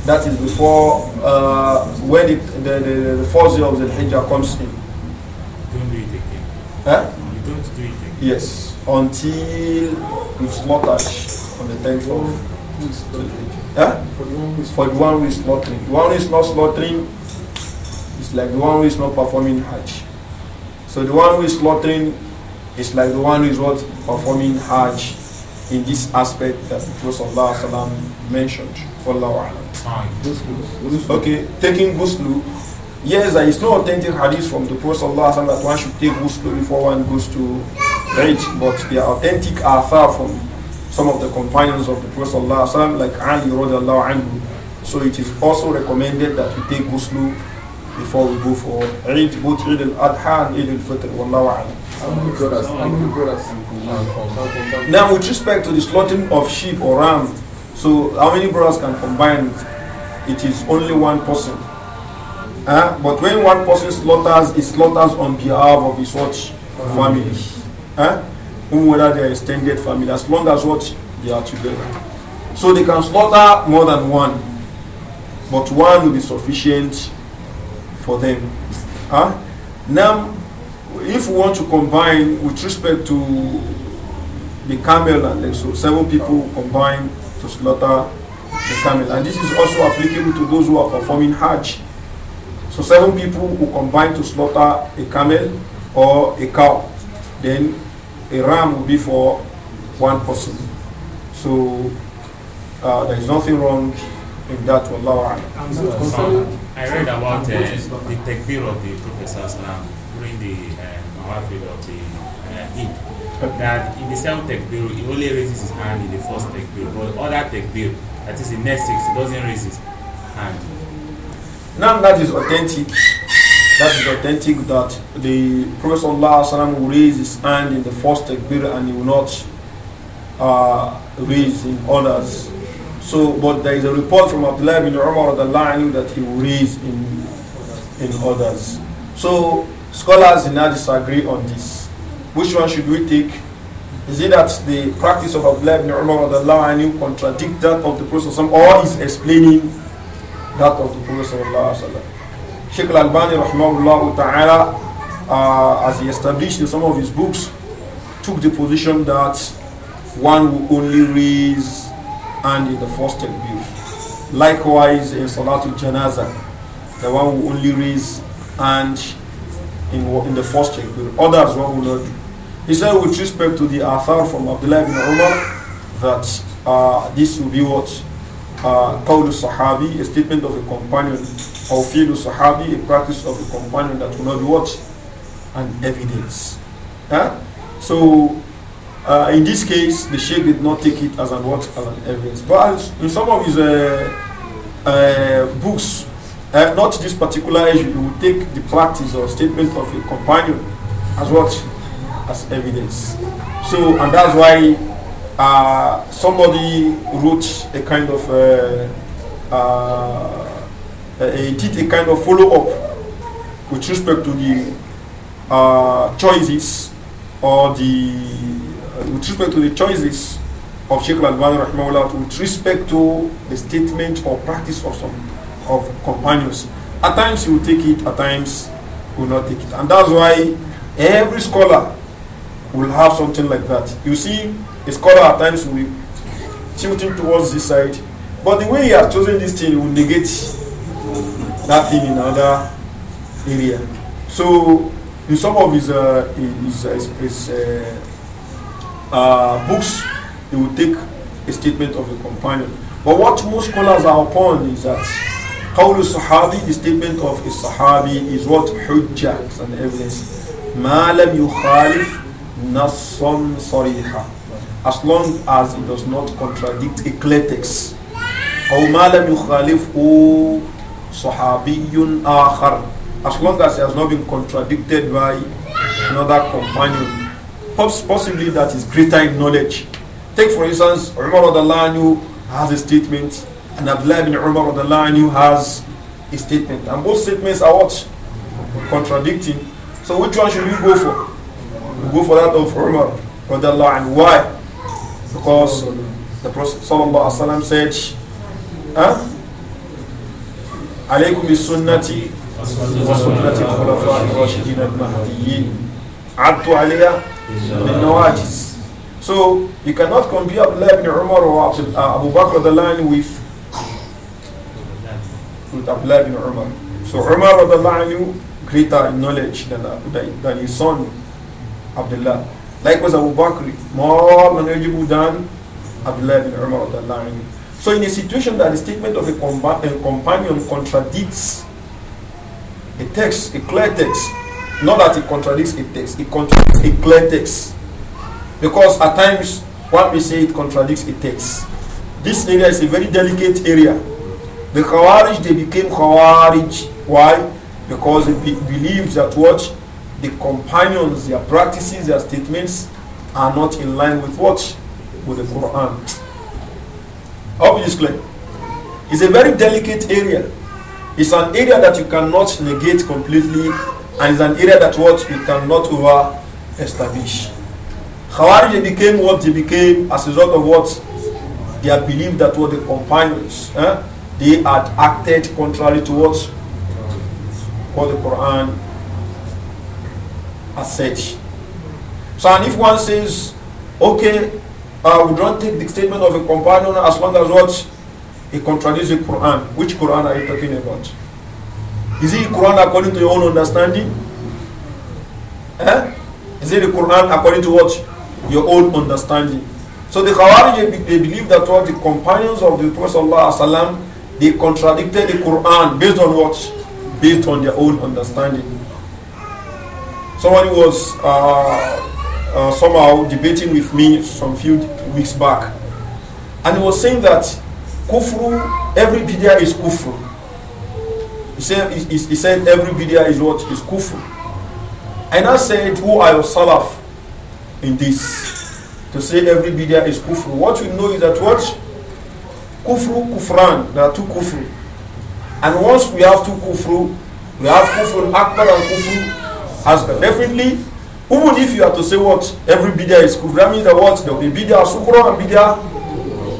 That is before uh, when it, the, the, the fourth day of the Hijjah comes in. Don't do it again. Huh? You don't do it again. Yes, until you slaughter on the 10th of. Huh? For the one who is, one who is slaughtering. The one who is not slaughtering is like the one who is not performing Hajj. So the one who is slaughtering it's like the one who is what performing Hajj in this aspect that the Prophet mentioned. For Allah. Okay, taking ghusl. Yes, there is no authentic hadith from the Prophet that one should take ghusl before one goes to Eid, but the authentic far from some of the companions of the Prophet like Ali anhu. So it is also recommended that we take ghusl before we go for Eid, both Eid al-Adha and Eid al-Fitr. Wallahu a'lam. Now, with respect to the slaughtering of sheep or ram, so how many brothers can combine? It is only one person. Huh? But when one person slaughters, he slaughters on behalf of his what family, huh? whether they are extended family, as long as what they are together. So they can slaughter more than one, but one will be sufficient for them. Huh? Now, if we want to combine with respect to the camel and then so seven people combine to slaughter the camel and this is also applicable to those who are performing hajj so seven people who combine to slaughter a camel or a cow then a ram will be for one person so uh, there is nothing wrong in that I read about uh, the takbir of the professor during the um, of the uh, Eid that in the seventh takbir he only raises his hand in the first bill, but other takbir that is the next six he doesn't raise his hand. Now that is authentic. That is authentic that the Prophet ﷺ will raise his hand in the first bill and he will not uh, raise in others. So, but there is a report from Abdullah bin Umar that he will raise in, in others. So, Scholars now disagree on this. Which one should we take? Is it that the practice of Abdullah ibn Umar contradict that of the Prophet or is explaining that of the Prophet Sheikh Al-Albani rahmahullah ta'ala uh, as he established in some of his books took the position that one will only raise and in the first takbir. Likewise in Salatul Janazah the one will only raise and in, in the first check. others, one will not do. He said, with respect to the author from Abdullah ibn Umar, that uh, this will be what? Qawl uh, sahabi a statement of a companion, or fi'l sahabi a practice of a companion that will not be what? An evidence. Huh? So, uh, in this case, the Sheikh did not take it as an what? As an evidence. But in some of his uh, uh books, not this particular issue, you will take the practice or statement of a companion as what? As evidence. So, and that's why uh, somebody wrote a kind of, uh, uh, a, uh, did a kind of follow up with respect to the uh, choices or the, uh, with respect to the choices of Sheikh Al-Albani with respect to the statement or practice of some of companions. At times he will take it, at times he will not take it. And that's why every scholar will have something like that. You see, a scholar at times will be tilting towards this side, but the way he has chosen this thing will negate that thing in another area. So, in some of his, uh, his, uh, his, his uh, uh, books, he will take a statement of the companion. But what most scholars are upon is that قول الصحابي, the statement of a sahabi is what? Hujjah, and everything. evidence. ما لم يخالف نص صريحا as long as it does not contradict a أو ما لم يخالفه صحابي آخر as long as it has not been contradicted by another companion possibly that is greater in knowledge take for instance Umar has a statement and Abdullah ibn Umar who has a statement. And both statements are what? Contradicting. So which one should we go for? We go for that of Umar and Why? Because the Prophet ﷺ said, huh? عليكم بسنتي وسنة الخلفاء الراشدين المهديين عدت عليها بالنواجز So you cannot compare Abdullah ibn Umar or uh, Abu Bakr the line with with Abdullah bin Umar. So Umar anhu, greater knowledge uh, than, than his son Abdullah. Likewise Abu Bakr, more knowledgeable than Abdullah bin Umar anhu. So in a situation that the statement of a, a companion contradicts a text, a clear text, not that it contradicts a text, it contradicts a clear text. Because at times, what we say, it contradicts a text. This area is a very delicate area the Khawarij, they became Khawarij. Why? Because they be that what the companions, their practices, their statements are not in line with what? With the Quran. Obviously, it's a very delicate area. It's an area that you cannot negate completely, and it's an area that what you cannot over establish. Khawarij became what they became as a result of what their belief that were the companions. Eh? they had acted contrary to what, what the Quran has said. So, and if one says, okay, uh, we don't take the statement of a companion as long as what he contradicts the Quran. Which Quran are you talking about? Is it Quran according to your own understanding? Eh? Is it the Quran according to what? Your own understanding. So the Khawarij, they believe that what the companions of the Prophet they contradicted the Quran based on what? Based on their own understanding. Somebody was uh, uh, somehow debating with me some few weeks back, and he was saying that kufru, every bidya is kufru. He said, he, he said every bidya is what? Is kufru. And I said, who are your salaf in this? To say every bidya is kufru. What we know is that what? kufru kufran na two kufru and once we have two kufru we have kufru akbar and kufru asghar definitely even if you are to say what every bidah is kufru that means that what there will be bidah sukra and bidah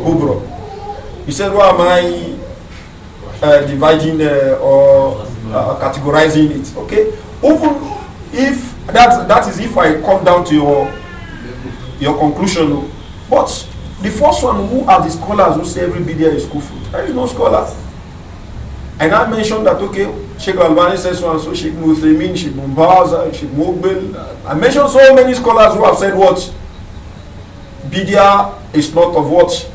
kubra you said why am i uh, dividing uh, or uh, categorizing it okay even if that that is if i come down to your your conclusion but The first one, who are the scholars who say every bidya is kufr? There is no scholars. And I mentioned that, okay, Sheikh Albani says so and so, Sheikh Muthaymin, Sheikh Mumbaza, Sheikh Mubil. I mentioned so many scholars who have said what? Bidya is not of what?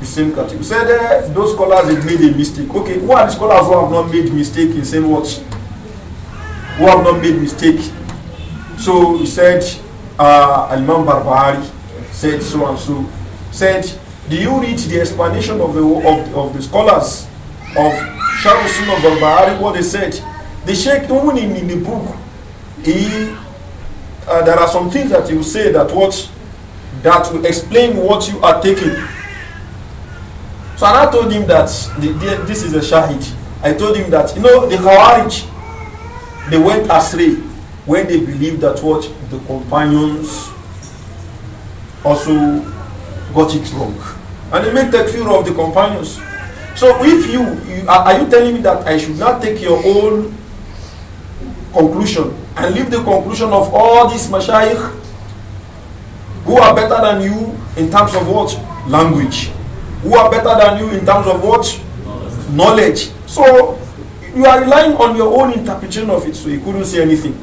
The same category. Said uh, those scholars have made a mistake. Okay, who are the scholars who have not made mistake in saying what? Who have not made mistake? So he said, uh, Imam Barbahari said so and so. said, do you read the explanation of the, of, of the scholars of Sharul Sunnah al-Bahari, what they said? The Sheikh, even in, in the book, he, uh, there are some things that you will say that what, that will explain what you are taking. So I told him that the, the, this is a shahid. I told him that, you know, the Khawarij, they went astray when they believed that what the companions also got it wrong. And he made takfir of the companions. So if you, you are you telling me that I should not take your own conclusion and leave the conclusion of all these mashayikh who are better than you in terms of what? Language. Who are better than you in terms of what? Knowledge. Knowledge. So you are relying on your own interpretation of it, so he couldn't say anything.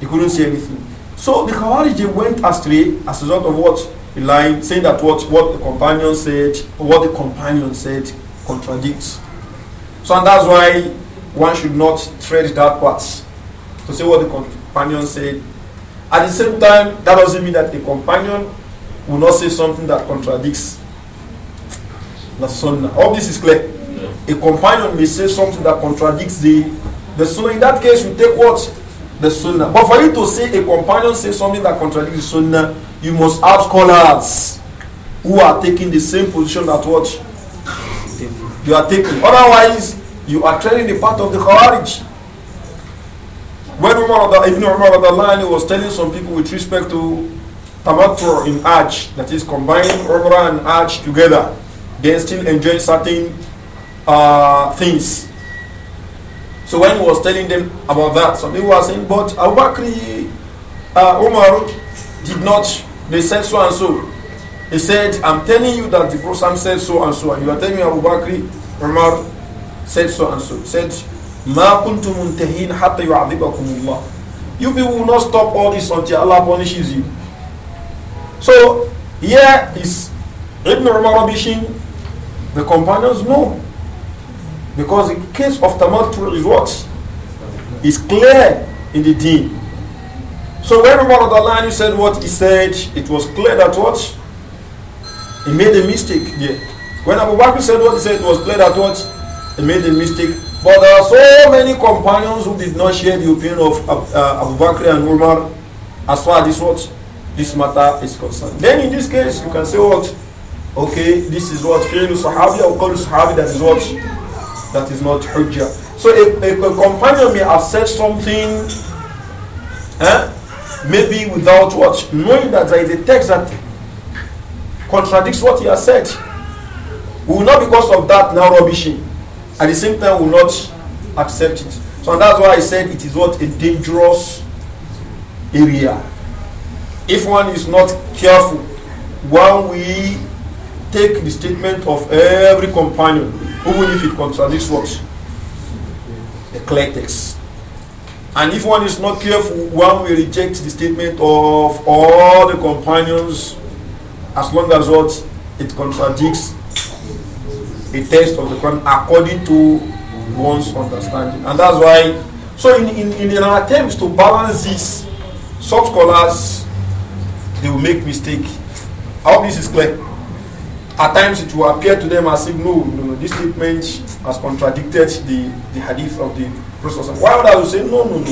He couldn't say anything. So the Khawarij went astray as a result of what? line saying that what, what the companion said, what the companion said contradicts. So and that's why one should not tread that path to say what the companion said. At the same time, that doesn't mean that the companion will not say something that contradicts the sunnah. All this is clear. Yeah. A companion may say something that contradicts the the sunnah. In that case, you take what the sunnah. But for you to say a companion say something that contradicts the sunnah, you must have scholars who are taking the same position that what you are taking. Otherwise, you are treading the path of the Khawarij. When Umar, Ibn Umar was telling some people with respect to tamattu in arch that is combining Umrah and arch together, they still enjoy certain uh, things. So when he was telling them about that, some people were saying, but Abu Bakr, uh, Umar did not they said so and so. He said, I'm telling you that the Prophet said so and so. And you are telling me Abu Bakr, Umar said so and so. He said, Ma kuntum muntahin hatta yu'adhibakum Allah. You people will not stop all this until Allah punishes you. So here is Ibn Umar Abishin, the companions know. Because the case of Tamattu is what? Is clear in the deen. So when line, Adalani said what he said, it was clear that what? He made a mistake Yeah. When Abu Bakr said what he said, it was clear that what? He made a mistake. But there are so many companions who did not share the opinion of uh, Abu Bakr and Umar as far as this what? This matter is concerned. Then in this case, you can say what? Okay, this is what? Fi'lu Sahabi or Qalu Sahabi, that is what? That is not Hujjah. So a, a, a companion may have said something, eh? Maybe without what? Knowing that there is a text that contradicts what he has said. We will not, because of that, now rubbish him. At the same time, we will not accept it. So that's why I said it is what? A dangerous area. If one is not careful, one we take the statement of every companion, even if it contradicts what? The clear text. And if one is not careful, one will reject the statement of all the companions as long as what it contradicts the text of the Quran according to one's understanding. And that's why, so in, in, in an attempt to balance this, some scholars, they will make mistake. All this is clear. At times it will appear to them as if, no, no, no this statement has contradicted the, the hadith of the why would I say no, no, no?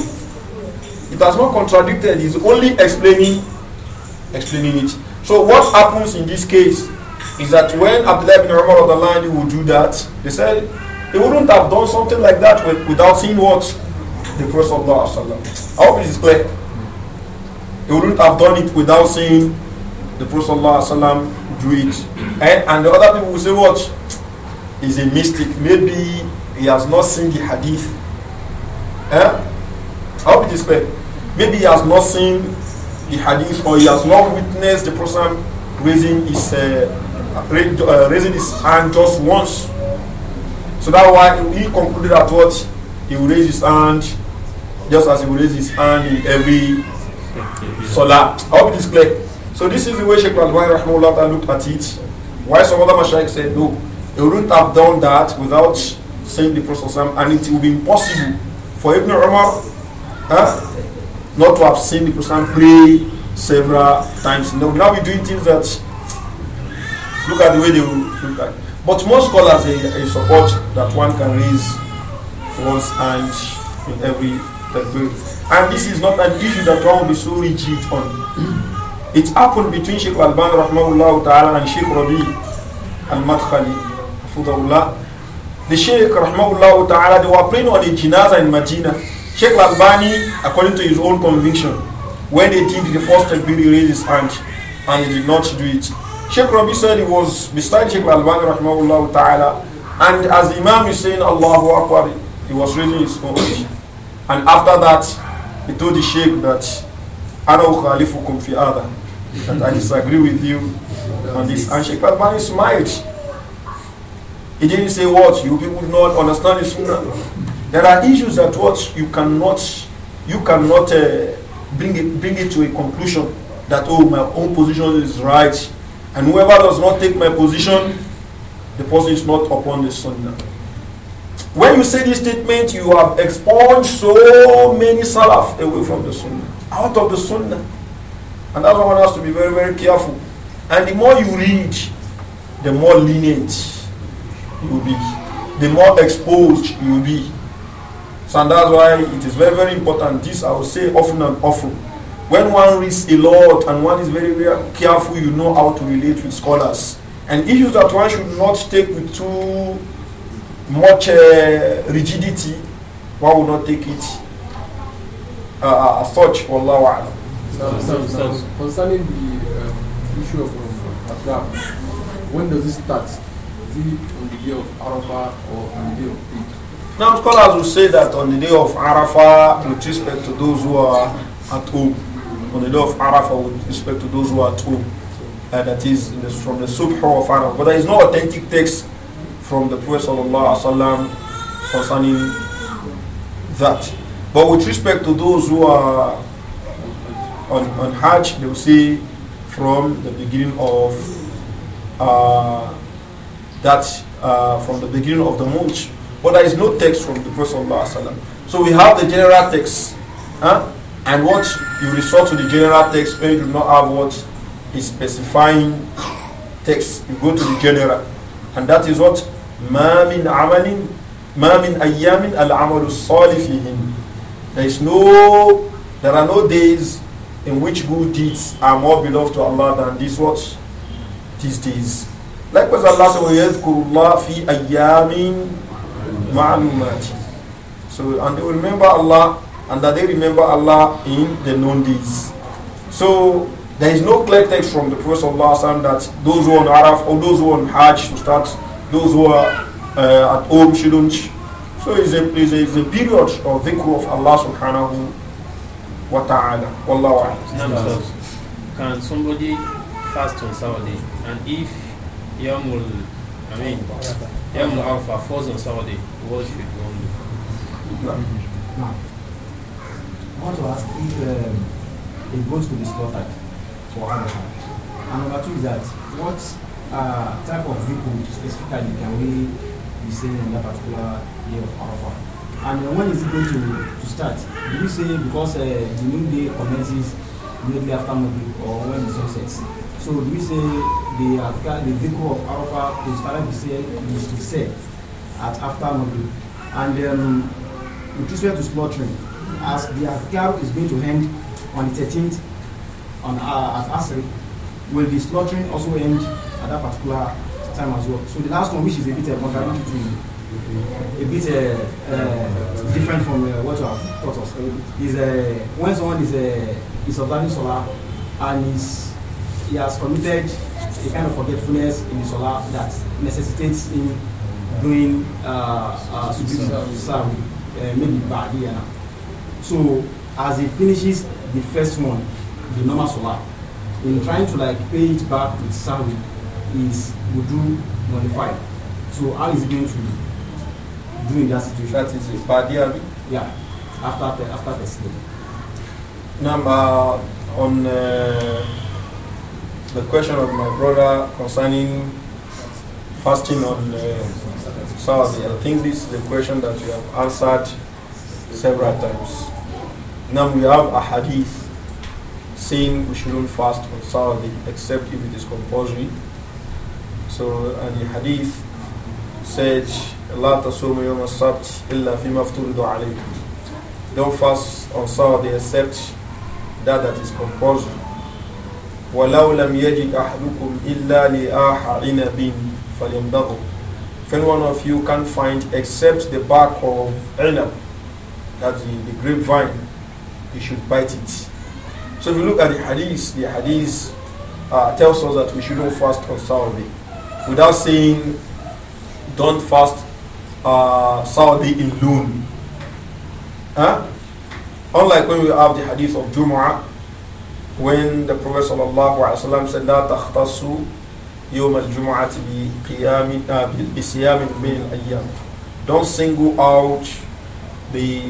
It has not contradicted, it's only explaining explaining it. So what happens in this case is that when Abdullah ibn Umar of the line would do that, they said he wouldn't have done something like that without seeing what the Prophet of Allah. I hope it is clear. He wouldn't have done it without seeing the Prophet ﷺ do it. And, eh, and the other people will say, What is a mystic? Maybe he has not seen the hadith Eh? I hope it is clear. Maybe he has not seen the hadith or he has not witnessed the person raising his, uh, uh, raising his hand just once. So that's why he concluded that what he will raise his hand just as he will raise his hand in every salah. I hope it is clear. So this is the way Sheikh Al-Bani looked at it. Why some other mashaikh said no, he wouldn't have done that without saying the Prophet and it would be impossible for Ibn Umar huh, not to have seen the Quran pray several times. No, now we're doing things that look at the way they look at. But most scholars they, they support that one can raise one's hand in every takbir. And this is not an issue that one will be so rigid on. It happened between Sheikh Al-Ban Rahmahullah Ta'ala and Sheikh Rabi Al-Madkhali Fudawullah the Sheikh, rahmahullah ta'ala, they were praying on the jinaza in Medina. Sheikh Al-Bani, according to his own conviction, when they did the first takbir, raised his hand and he did not do it. Sheikh Rabi said he was beside Sheikh Al-Bani, rahmahullah ta'ala, and as the Imam is saying, Allahu Akbar, he was raising his own hand. And after that, he told the Sheikh that, that I disagree with you on this. And Sheikh Al-Bani smiled. He didn't say what you people do not understand the sunnah. There are issues that what you cannot you cannot uh, bring it bring it to a conclusion that oh my own position is right, and whoever does not take my position, the person is not upon the sunnah. When you say this statement, you have expunged so many salaf away from the sunnah, out of the sunnah, and that's why one has to be very very careful. And the more you read, the more lenient you will be, the more exposed you will be. So and that's why it is very, very important. This I will say often and often. When one reads a lot and one is very, very careful, you know how to relate with scholars. And issues that one should not take with too much uh, rigidity, one will not take it uh, as such. Allah a'lam. concerning the um, issue of um, Islam, when does it start? Is it day of Arafah or on the day of Eid? Now, scholars will say that on the day of Arafah, with respect to those who are at home, on the day of Arafah, with respect to those who are at home, uh, that is from the Subh of Arafah. But there is no authentic text from the Prophet sallam, concerning that. But with respect to those who are on, on Hajj, they will say from the beginning of uh, that uh, from the beginning of the month. But there is no text from the Prophet So we have the general text. Huh? And what you resort to the general text when you do not have what is specifying text. You go to the general. And that is what Mamin Amalin, Mamin ما al أيام العمل There is no, there are no days in which good deeds are more beloved to Allah than these what? These days. Likewise, Allah says, وَيَذْكُرُ fi فِي أَيَّامٍ So, and they will remember Allah, and that they remember Allah in the known days. So, there is no clear text from the Prophet saying that those who are on Araf or those who are on Hajj should start, those who are uh, at home shouldn't. So it's a, it's, a, it's a period of dhikr of Allah subhanahu wa ta'ala. Wallahu Can somebody fast on Saturday? And if Yamul, I mean, Yamul Alpha falls on Saturday. What should one do? I want to ask if um, it goes to be slaughtered for animal. And number two is that what uh, type of vehicle specifically can we be saying in that particular day of Alpha? And uh, when is it going to, to start? Do you say because uh, the new day commences immediately after Monday or when the sun sets? So do you say the Azkar, the of Arafah is started to say at after Maghrib. And um, with respect to slaughtering, as the Azkar is going to end on the 13th on, uh, at Asri, will the slaughtering also end at that particular time as well? So the last one, which is a bit uh, a bit uh, uh, different from uh, what you have taught us, is uh, when someone is, uh, is observing Salah and is, he has committed a kind of forgetfulness in his salah that necessitates him doing uh, uh, sawi, uh, maybe ba'diyana. So as he finishes the first one, the normal salah, in trying to like pay it back with sawi, is wudu nullified. So how is he going to do in that situation? That is it, Yeah, after the, after the sleep. Number on... Uh, the question of my brother concerning fasting on uh, Saturday. I think this is the question that you have answered several times. Now we have a hadith saying we shouldn't fast on Saturday except if it is compulsory. So and the hadith said, لا تصوموا yom السبت إلا فيما افترض عليكم. Don't fast on Saturday except that that is compulsory. ولو لم يجد أحدكم إلا لآح عنب فليمضغه If any one of you can not find except the bark of inab, that's the, the grapevine, you should bite it. So if you look at the hadith, the hadith uh, tells us that we shouldn't fast on Saturday. Without saying, don't fast uh, in Lune. Huh? Unlike when we have the hadith of Jumu'ah, when the Prophet ﷺ said, لا تختصوا يوم الجمعة بقيام بصيام من الأيام Don't single out the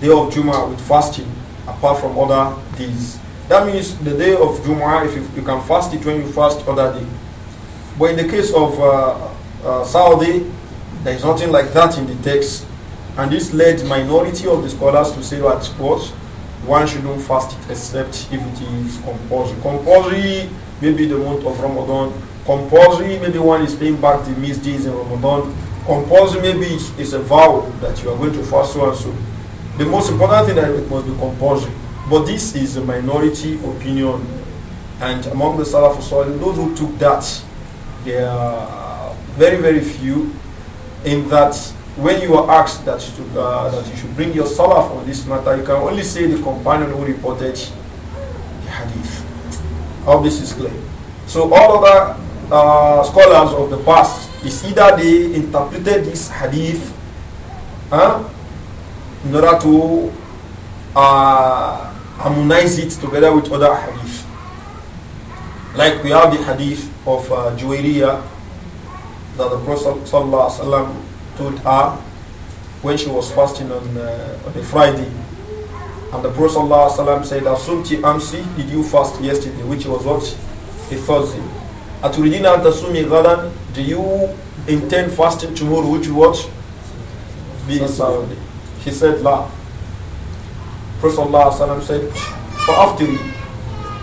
day of Jum'ah with fasting apart from other days. That means the day of Jum'ah, if you, you, can fast it when you fast other day. But in the case of uh, uh, Saudi, there is nothing like that in the text. And this led minority of the scholars to say that what one should not fast except if it is compulsory. Compulsory maybe the month of Ramadan. Compulsory maybe one is paying back the missed days in Ramadan. Compulsory maybe it's a vow that you are going to fast so and so. The most important thing that it must be compulsory. But this is a minority opinion. And among the Salaf those who took that, there are very, very few in that when you are asked that you, should, uh, that you should bring your salaf on this matter, you can only say the companion who reported the hadith. All this is clear. So all other uh, scholars of the past, is either they interpreted this hadith huh, in order to uh, harmonize it together with other hadith. Like we have the hadith of uh, that the Prophet sallam, told her when she was fasting on, uh, on a Friday. And the Prophet ﷺ said, Asumti Amsi, did you fast yesterday? Which was what? A Thursday. Aturidina Antasumi Gadan, do you intend fasting tomorrow? Which what? Be Saturday. She said, La. Prophet ﷺ said, For after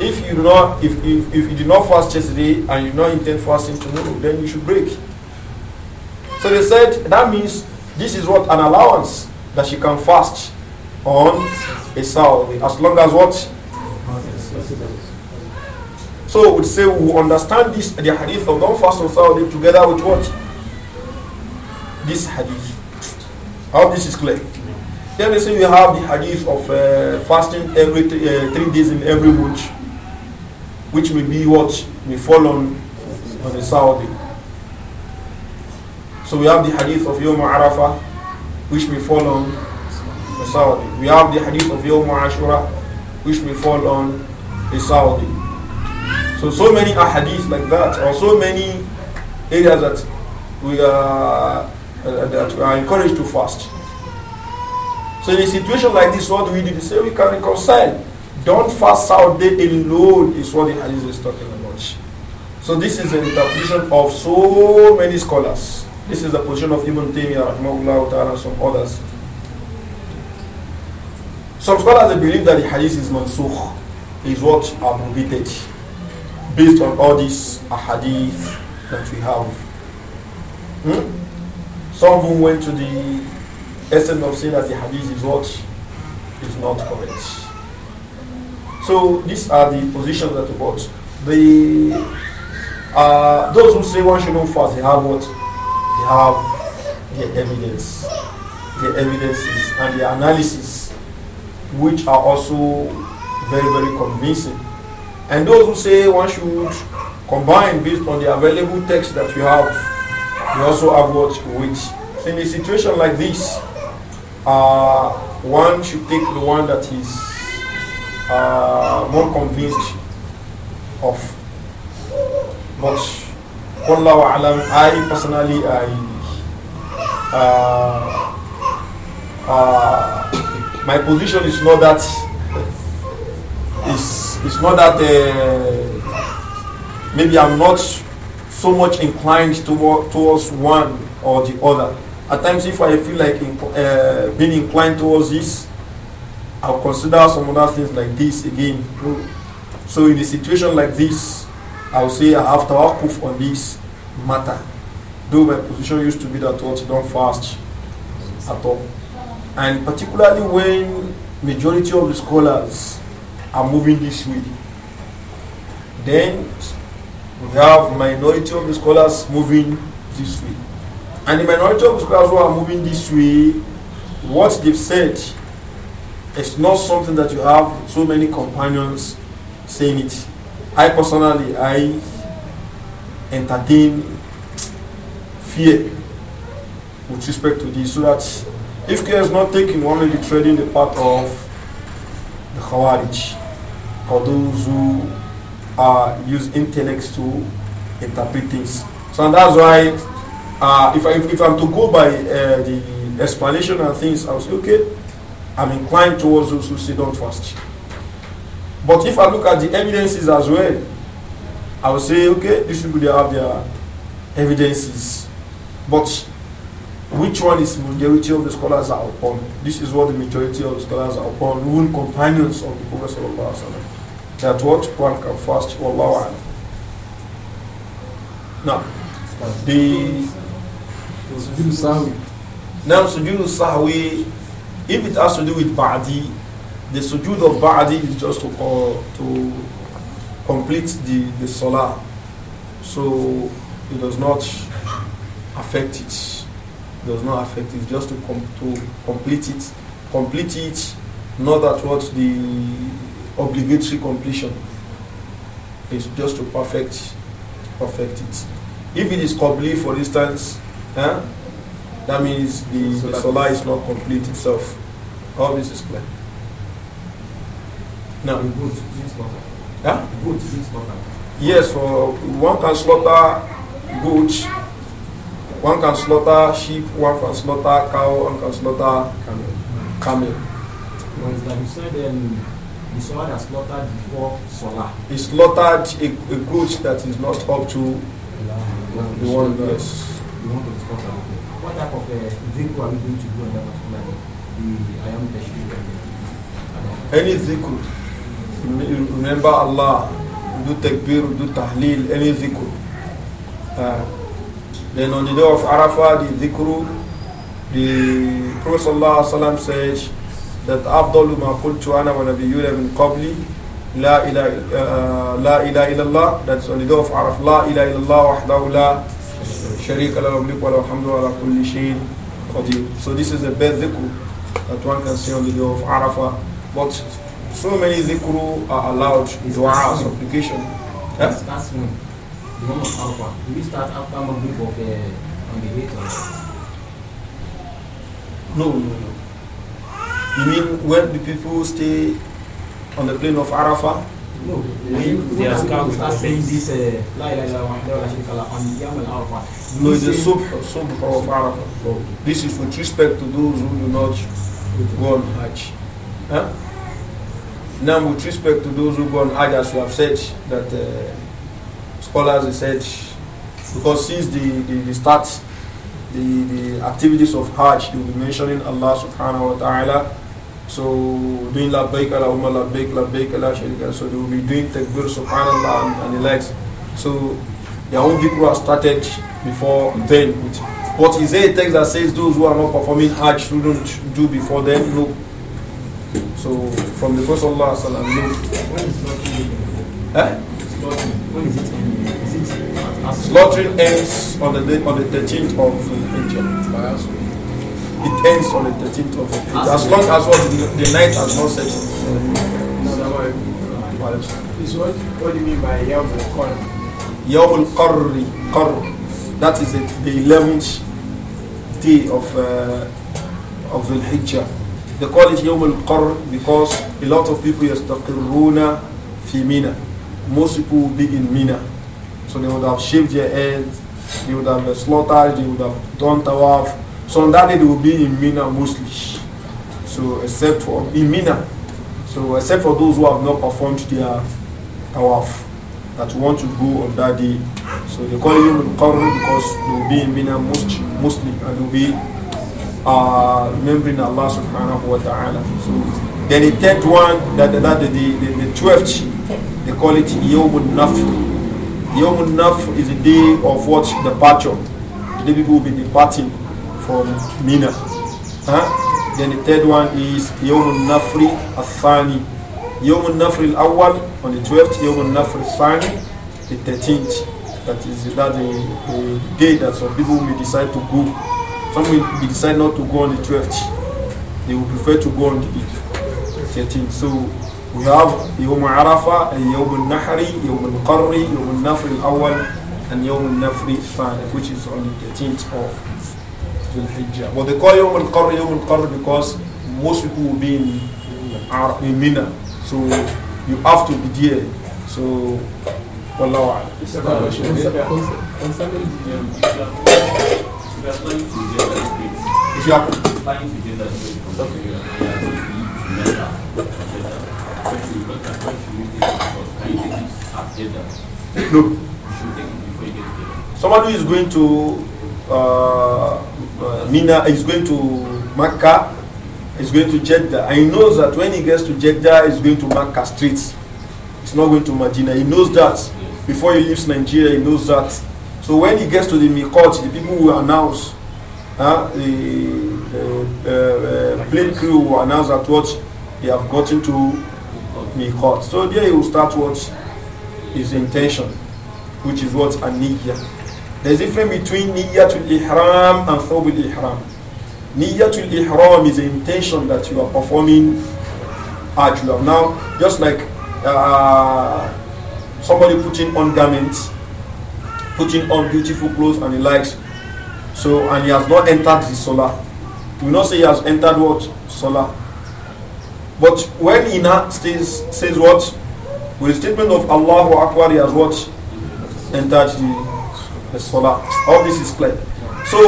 if you do not if, if, if you do not fast yesterday and you do not intend fasting tomorrow, then you should break. So they said that means this is what an allowance that she can fast on a Saudi, as long as what. So we say we understand this the hadith of don't fast on Saudi together with what this hadith. How this is clear. Then they say we have the hadith of uh, fasting every uh, three days in every month, which may be what may fall on on a Saudi. So we have the hadith of Yom Arafah, which may fall on the Saudi. We have the hadith of Yom Ashura, which may fall on the Saudi. So, so many ahadith like that, or so many areas that we are, uh, that we are encouraged to fast. So in a situation like this, what do we do? They say we can reconcile. Don't fast Saudi alone is what the hadith is talking about. So this is the interpretation of so many scholars. This is the position of Ibn Taymiyyah, rahimahullah and some others. Some scholars they believe that the hadith is mansukh, is what abrogated, based on all these hadith that we have. Hmm? Some who went to the essence of saying that the hadith is what is not correct. So these are the positions that about the uh, those who say one should not fast, they have what they have their evidence. Their evidences and their analysis, which are also very, very convincing. And those who say one should combine based on the available text that you have, you also have what which. So in a situation like this, uh, one should take the one that is uh, more convinced of. But Wallahu alam, I personally, I, uh, uh, my position is not that, it's, not that uh, maybe I'm not so much inclined towards one or the other. At times, if I feel like uh, being inclined towards this, I'll consider some other things like this again. So in a situation like this, I'll say I have proof on this matter. Though my position used to be that what don't fast at all. And particularly when majority of the scholars are moving this way, then we have minority of the scholars moving this way. And the minority of the scholars who are moving this way, what they've said is not something that you have so many companions saying it. I personally, I entertain fear with respect to this, so that if care is not taken, only may be treading the path of the Khawarij, or those who uh, use intellects to interpret things. So and that's why, uh, if, I, if, if, I'm to go by uh, the explanation and things, I'll say, okay, I'm inclined towards those who say don't fast. But if I look at the evidences as well, I will say, okay, these people they have their evidences. But which one is majority of the scholars are upon? This is what the majority of the scholars are upon, even companions of the Prophet Sallallahu Alaihi Wasallam. That what one can fast, for Allah. Now, the Sujudu Sahwi. Now, Sujudu Sahwi, if it has to do with Ba'di, the sujood of Ba'adi is just to, to complete the, the Salah. So it does not affect it. it does not affect it. just to, com to complete it. Complete it, not that what the obligatory completion is just to perfect perfect it. If it is complete, for instance, eh, that means the, so the solar is not complete itself. All this is clear. No. The goat slaughter. Yeah? Huh? The goat drinks Yes, for one can slaughter goat, one can slaughter sheep, one can slaughter cow, one can slaughter camel. camel. Well, it's like you said, um, the solar has slaughtered before solar. He slaughtered a, a goat that is not up to the one that's the one that's What type of uh, are we going to do on that particular day? The I am the Any vehicle remember Allah, do takbir, do tahleel, any zikr. Uh, then on the day of Arafah, the zikr, the Prophet Allah Alaihi says that Abdul ma kultu ana wa nabi min qabli la ilaha uh, ila ila illallah that's on the day of Arafah la ilaha illallah wahdahu la sharika la mulku wa la hamdu ala kulli shay'in qadir so this is the best zikr that one can see on the day of Arafah but so many zikru are allowed in dua supplication. That's, that's when the one of Alpha. Do we start after Maghrib of uh, on the eight No, no, no. You mean when the people stay on the plane of Arafah? No, they are start saying this uh, La ilaha on Yam al Arafah. No, it's the sub subh of Arafah. Oh. This is with respect to those who do not go on Hajj. Huh? Now, with respect to those who go on Hajj, as we have said, that uh, scholars have said, because since the, the, the start, the, the activities of Hajj, you'll be mentioning Allah subhanahu wa ta'ala. So, doing labbaik ala umma labbaik, labbaik ala sharika. So, they will be doing takbir subhanallah and, and the likes. So, their own people have started before then. But is there a text that says those who are not performing Hajj shouldn't do before them? No. So from the first Allah, Alaihi When is slaughtering? Eh? Slaughtering. When is it it slaughtering ends on the day, on the 13th of Hijjah. It ends on the 13th of Hijjah. As long as what the, the night has not set. Is what, what do you mean by Yawm al-Qarr? Yawm al-Qarri. Qarr. yawm al thats it, the 11th day of uh, of the Hijjah. They call it Yawm al-Qarr because a lot of people yastaqirruna fi Mina. Most people will be in Mina. So they would have shaved their heads, they would have slaughtered, they would have done tawaf. So on that day they will be in Mina mostly. So except for in Mina. So except for those who have not performed their tawaf that want to go on that day. So they call it Yawm al-Qarr because they will be in Mina mostly and they will be uh, remembering Allah subhanahu wa ta'ala. So then the third one, that, that the, the, the, the twelfth, they call it Yomun Naf. Yomun Naf is the day of what? Departure. The people will be departing from Mina. Huh? Then the third one is Yomun Nafri Asani. Yomun Nafri Awal on the 12th, Yomun Nafri Asani the 13th. That is that the, the day that some people will decide to go some will decide not to go on the 12th. They will prefer to go on the 13th. So we have Yom Arafah and Yom Nahri, Yawm Qarri, Yom Nafri al and Yom Nafri Fan, which is on the 13th of Dhul Hijjah. But they call Yom Qarri Yom Qarri because most people will be in, in Mina. So you have to be there. So, Wallahu A'lam. If you are flying to Jeddah, you are to No. Somebody is going to uh, uh Mina is going to Makkah, is going to Jeddah. And he knows that when he gets to Jeddah, he's going to Makkah streets. He's not going to Medina. He knows that. Before he leaves Nigeria, he knows that. So when he gets to the Mikot, the people will announce, uh, the uh, uh, plane crew will announce that what they have gotten to Mikot. So there he will start what his intention, which is what a niyyah. There's a difference between to Ihram and Thawbul Ihram. to Ihram is the intention that you are performing you Hajj. Now, just like uh, somebody putting on garments putting on beautiful clothes and the likes. So, and he has not entered the solar. We will not say he has entered what? Solar. But when he now says, says what? With the statement of Allah who Akbar, he has what? Entered the, the solar. All this is clear. So,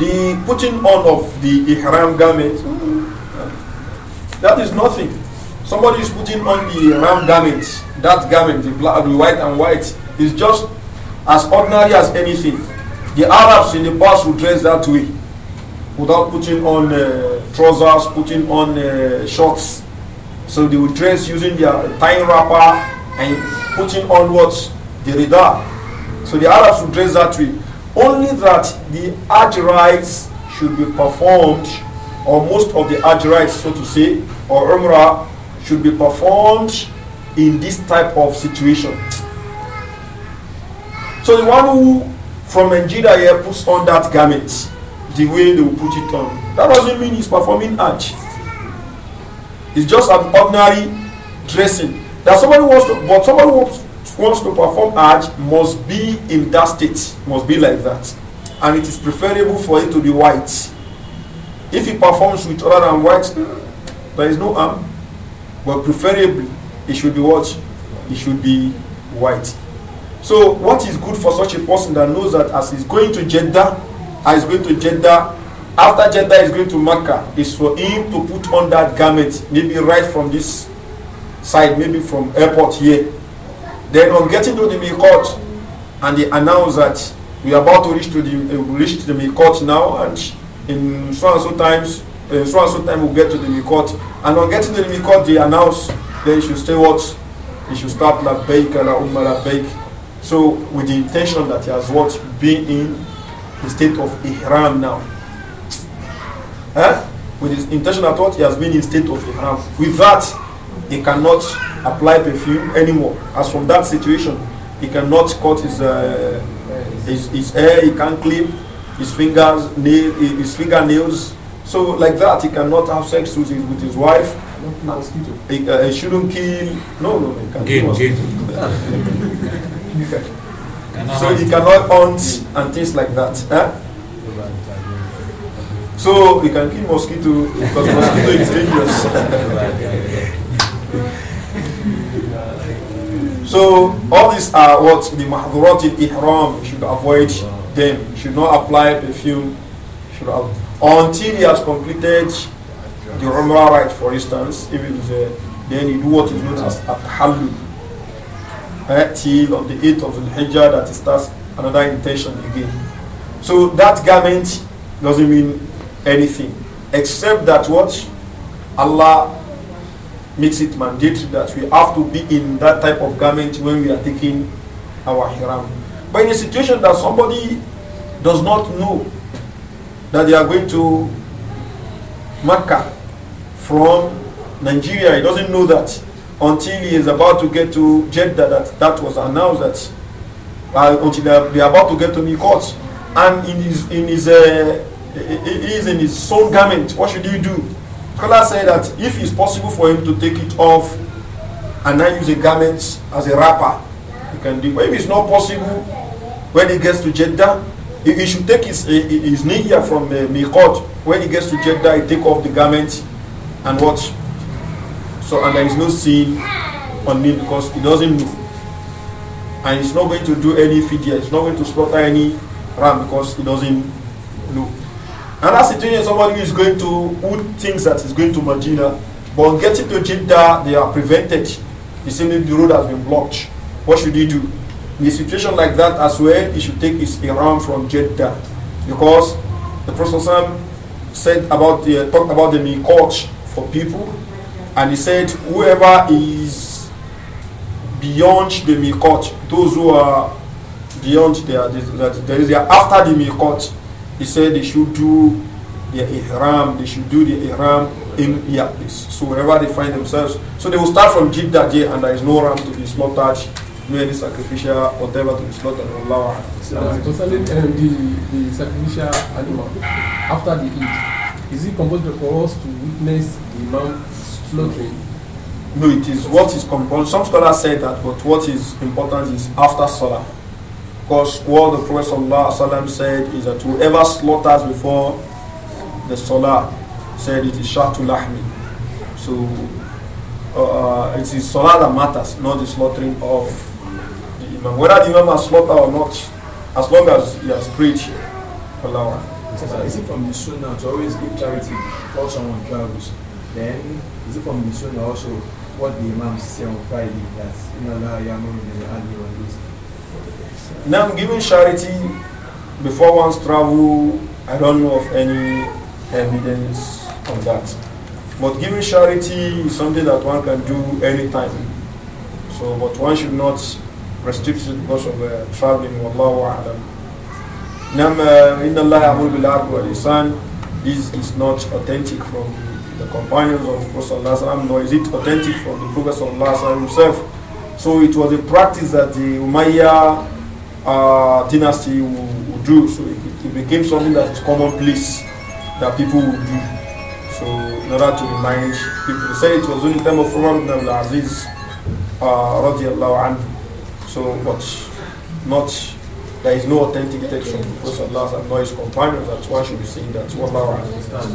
the putting on of the ihram garment, that is nothing. Somebody is putting on the ihram garment, that garment, the, black, the white and white, is just as ordinary as anything. The Arabs in the past would dress that way without putting on uh, trousers, putting on uh, shorts. So they would dress using their tie wrapper and putting on what? The radar. So the Arabs would dress that way. Only that the Hajj rites should be performed, or most of the Hajj rites, so to say, or Umrah, should be performed in this type of situation. So the one who from Nigeria here puts on that garment, the way they will put it on, that doesn't mean he's performing art. It's just an ordinary dressing. That somebody wants to, but somebody wants, wants to perform art must be in that state, must be like that. And it is preferable for it to be white. If he performs with other than white, there is no harm. But preferably, it should be what? It should be white. So what is good for such a person that knows that as he's going to Jeddah, as he's going to Jeddah, after Jeddah is going to Makkah, is for him to put on that garment, maybe right from this side, maybe from airport here. Then on getting to the Miqat, and they announce that we are about to reach to the uh, reach to the Miqat now, and in so and so times, uh, so and so time we'll get to the Miqat. And on getting to the Miqat, they announce they should stay what? They should start La bake La Umma La bake. So with the intention that he has what been in the state of ihram now. Huh? Eh? With his intention that what he has been in state of ihram. With that, he cannot apply perfume anymore. As from that situation, he cannot cut his uh, his, his hair. He can't clip his fingers, nail, his fingernails. So like that, he cannot have sex with his, with his wife. He, uh, he shouldn't kill. No, no, he can't. Gain, You so he cannot hunt and things like that. Huh? So you can kill mosquito because mosquito is dangerous. so all these are what the mahdurat in ihram should avoid them. Should not apply perfume. Should have, until he has completed the umrah right, for instance. If it is then he do what is known as at halu eh, till on the 8th of Hijjah that starts another intention again. So that garment doesn't mean anything except that what Allah makes it mandatory that we have to be in that type of garment when we are taking our hiram. But in a situation that somebody does not know that they are going to Makkah from Nigeria, he doesn't know that until he is about to get to Jeddah that, that was announced that uh, until they are, about to get to Mikot and in his in his uh, he is in his soul garment what should he do scholar said that if it's possible for him to take it off and not use a garment as a wrapper he can do but if it's not possible when he gets to Jeddah he, he should take his his niyyah from uh, Mikot when he gets to Jeddah he take off the garment and what so, and there is no sin on me because it doesn't move. And it's not going to do any fidya, it's not going to slaughter any ram because it doesn't move. And as the thing is somebody who is going to, who thinks that is going to Medina, but on getting to Jeddah, they are prevented. They say maybe the road has been blocked. What should he do? In a situation like that as well, he should take his Iran from Jeddah. Because the Prophet said about the, talked about the Miqat for people and he said, whoever is beyond the Mikot, those who are beyond their, their, after the Mikot, he said they should do their ihram, they should do the ihram in their So wherever they find themselves, so they will start from Jib that day and there is no ram to be slaughtered, no any sacrificial or whatever to be slaughtered. Allah. So concerning um, the, the sacrificial animal, after the Eid, is it compulsory for us to witness the Mount no, it is what is compulsory. Some scholars say that, but what is important is after Salah. Because what the Prophet ﷺ said is that whoever slaughters before the Salah said it is Shatu Lahmi. So uh, uh, it is Salah that matters, not the slaughtering of the Imam. Whether the Imam has slaughtered or not, as long as he has preached, Allah. Is it from the Sunnah to always give charity, before someone travels? Then is it from the Sunnah also what the Imams say on Friday that Inallah Yamur Ali Now, giving charity before one's travel, I don't know of any evidence on that. But giving charity is something that one can do anytime. So, but one should not restrict it because of uh, traveling. Wallahu a'lam. Nam uh, inna Allah amul bil This is not authentic from companions of Prophet Prophet nor is it authentic from the Prophet himself. So it was a practice that the Umayyad uh, dynasty would, would, do. So it, it became something that is commonplace that people would do. So in order to remind people, say it was only time of Umar ibn the Aziz uh, radiallahu anhu. So but not there is no authentic text because Allah and nor his companions. That's why should be saying that. What Allah understands.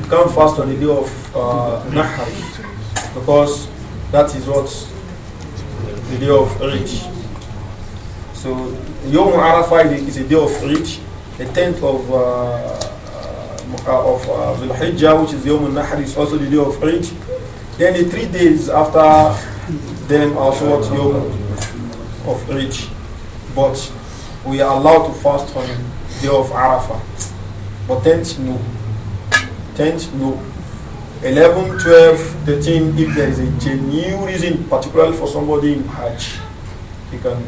You can't fast on the day of uh, Nahar because that is what the day of rich. So Yom Arafah is a day of rich. the 10th of uh, uh, of uh, Dhul which is Yom Nahar, is also the day of rich. Then the three days after them are what you of Eid. But we are allowed to fast on the day of Arafah. But 10th, no. 10th, no. 11, 12, 13, if there is a genuine reason, particularly for somebody in Hajj, he can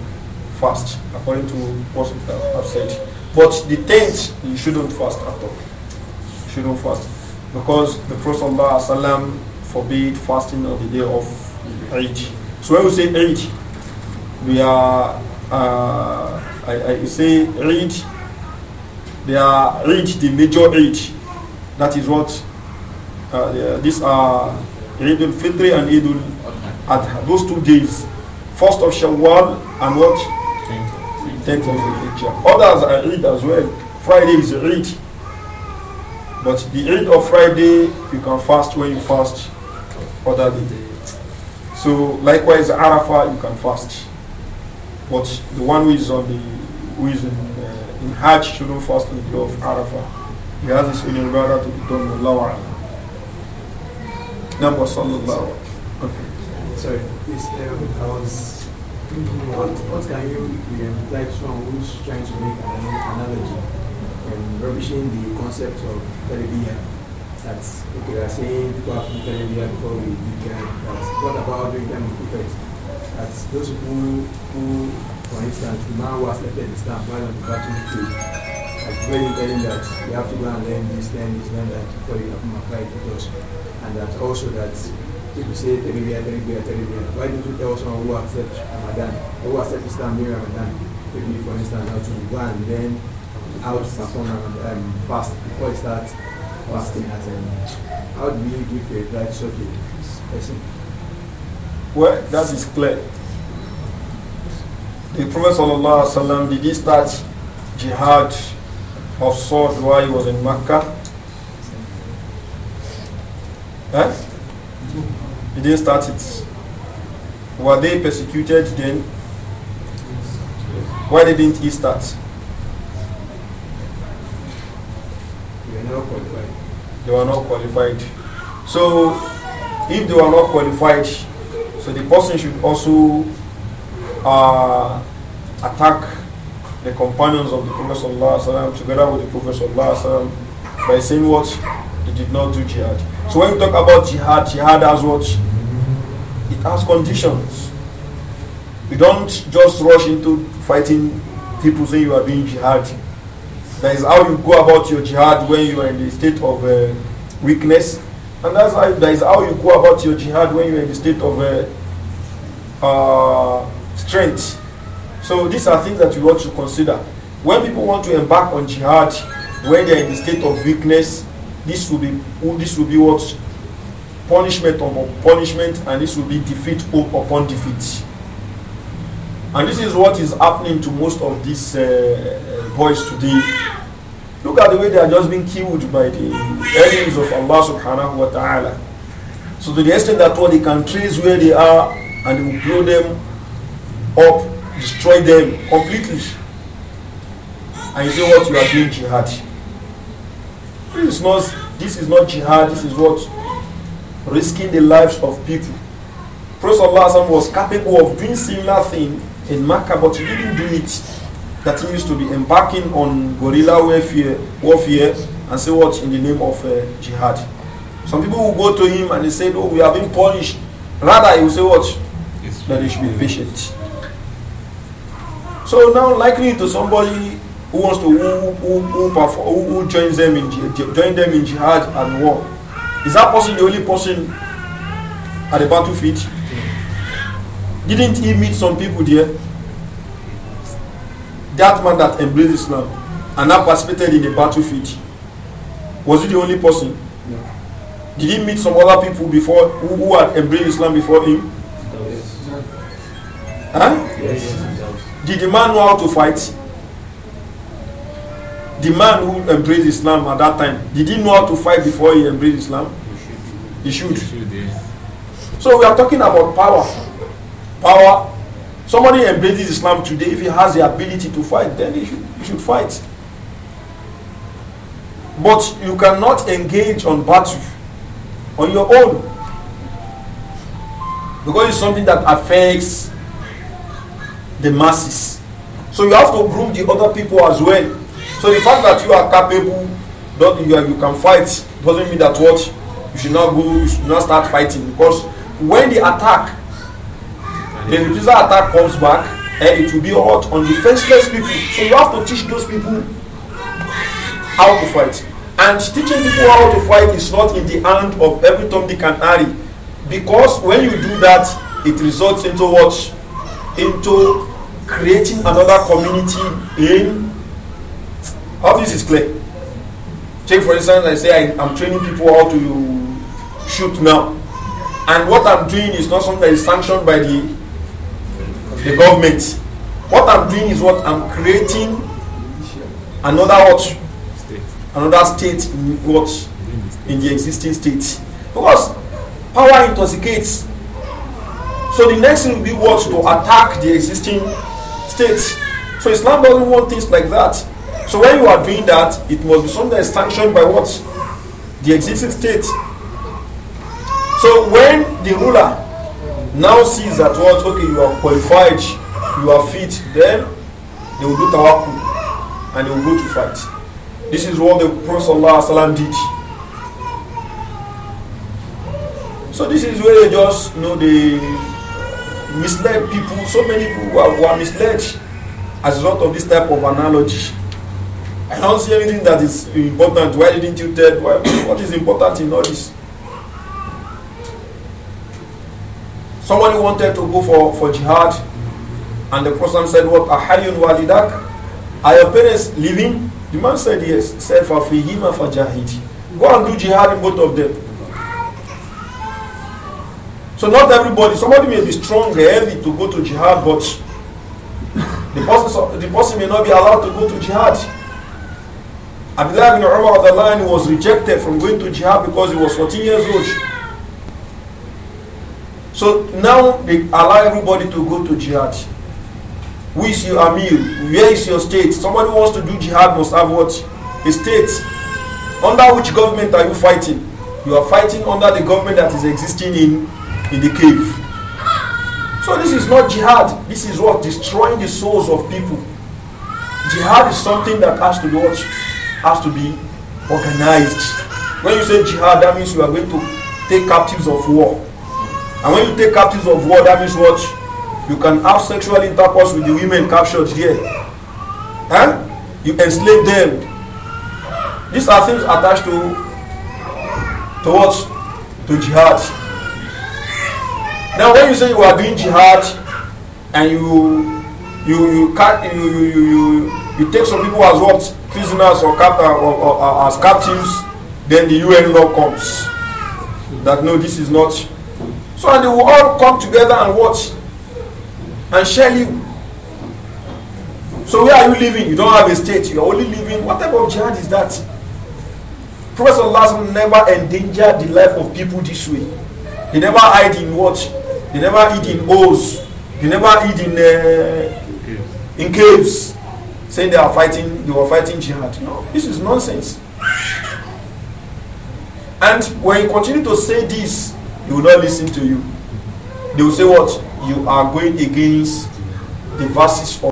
fast according to what I have said. But the 10th, you shouldn't fast at all. You shouldn't fast. Because the Prophet forbid fasting on the day of Eid. So when we say Eid, we are, uh, I, I say Eid, they are Eid, the major Eid. That is what, uh, these are Eid al-Fitr and Eid al-Adha. Those two days, first of Shawwal and what? 10th of Hijjah. Others are Eid as well. Friday is Eid. But the Eid of Friday, you can fast when you fast other day. So likewise, Arafah you can fast, but the one who is on the who is in, uh, in Hajj shouldn't fast on the day of Arafah. He has his own ibadah to be done with Allah. Number sallallahu. Okay. Sorry, please. Um, I was thinking, what what can you imply to someone who's trying to make an analogy and rubbishing the concept of Talibiyah? that okay, they are saying people have eaten India before we weekend, that. what about doing them cricket? That those who, who for instance, the man who has left the staff while on the batting field, like when you telling that you have to go and learn this, learn this, learn that before you have to apply to those. And that also that people say Teribia, Teribia, Teribia. Why don't you tell someone who accepts Ramadan, who accepts Islam during Ramadan? Maybe for instance how to go and learn how to perform and um, fast before it starts how do you give a guide such a Well, that is clear. The Prophet ﷺ did he start jihad of sword while he was in Mecca? Eh? He didn't start it. Were they persecuted then? Why didn't he start? are now qualified they were not qualified. So if they were not qualified, so the person should also uh, attack the companions of the Prophet sallam, together with the Prophet sallam, by saying what? They did not do jihad. So when you talk about jihad, jihad has what? It has conditions. You don't just rush into fighting people saying you are doing jihad that is how you go about your jihad when you are in the state of uh, weakness. And that's how, that is how you go about your jihad when you are in the state of uh, uh, strength. So these are things that you want to consider. When people want to embark on jihad, when they are in the state of weakness, this will be this will be what punishment upon punishment, and this will be defeat upon defeat. And this is what is happening to most of these uh, boys today. Look at the way they are just being killed by the enemies of Allah subhanahu wa ta'ala. So to the extent that all they can trace where they are and they will blow them up, destroy them completely. And you say what you are doing jihad. This is not this is not jihad, this is what? Risking the lives of people. Prophet Allah was capable of doing similar thing in Makkah, but he didn't do it. Continues to be embarking on guerrilla warfare, warfare and say what in the name of uh, jihad. Some people will go to him and they say, "Oh, we are being punished." Rather, he will say, "What? That they should be patient." So now, likely to somebody who wants to who, who, who, perform, who, who joins them in join them in jihad and war, is that person the only person at the battlefield? Didn't he meet some people there? that man that embraced Islam and now participated in the battle battlefield, was he the only person? No. Did he meet some other people before who, who had embraced Islam before him? Yes. Huh? Yes. Did the man know how to fight? The man who embraced Islam at that time, did he know how to fight before he embraced Islam? He should. He should. He should yeah. So we are talking about power. Power Somebody embraces Islam today, if he has the ability to fight, then he should, he should fight. But you cannot engage on battle on your own. Because it's something that affects the masses. So you have to groom the other people as well. So the fact that you are capable, that you, are, you can fight, doesn't mean that what you should not go, you should not start fighting. Because when the attack The reprisal attack comes back and it will be hot on defenseless people. So you have to teach those people how to fight. And teaching people how to fight is not in the hand of every Tom, Dick, and Harry. Because when you do that, it results into what? Into creating another community in. How this is clear. Take for instance, I say I, am training people how to shoot now. And what I'm doing is not something that is sanctioned by the the government. What I'm doing is what I'm creating another what? State. Another state in what? In the existing state. Because power intoxicates. So the next thing will be what? To attack the existing state. So Islam doesn't want things like that. So when you are doing that, it must be something that is sanctioned by what? The existing state. So when the ruler now sees that what okay you are qualified you are fit then they will do tawakkul and they will go to fight this is what the prophet ﷺ did so this is where they just you know they misled people so many people were, were misled as a result of this type of analogy i don't see anything that is important why didn't you tell why, what is important in all this Somebody wanted to go for, for jihad, and the Prophet said, What ahayun walidak? Are your parents living? The man said, Yes. He said, Fafihima fajahid. Go and do jihad in both of them. So not everybody, somebody may be strong, heavy to go to jihad, but the person, the person may not be allowed to go to jihad. Abdullah ibn Umar was rejected from going to jihad because he was 14 years old. So now they allow everybody to go to jihad. Who is your amir? Where is your state? Somebody wants to do jihad must have what? A state. Under which government are you fighting? You are fighting under the government that is existing in, in the cave. So this is not jihad. This is what? Destroying the souls of people. Jihad is something that has to be what? Has to be organized. When you say jihad, that means you are going to take captives of war And when you take captives of war, that means what? You can have sexual intercourse with the women captured here. Huh? You enslave them. These are things attached to to what? To jihad. Now when you say you are doing jihad and you you you cut you you you, you, you take some people as what prisoners or, cap, uh, or, or, or as captives, then the UN law comes that no, this is not So and they will all come together and watch and share you. So where are you living? You don't have a state. You are only living. What type of jihad is that? Professor Lazarus never endangered the life of people this way. He never hid in what? He never hid in holes. He never hid in uh, in caves, saying they are fighting. They were fighting jihad. No, this is nonsense. And when you continue to say this, They will not listen to you. They will say what? You are going against the verses of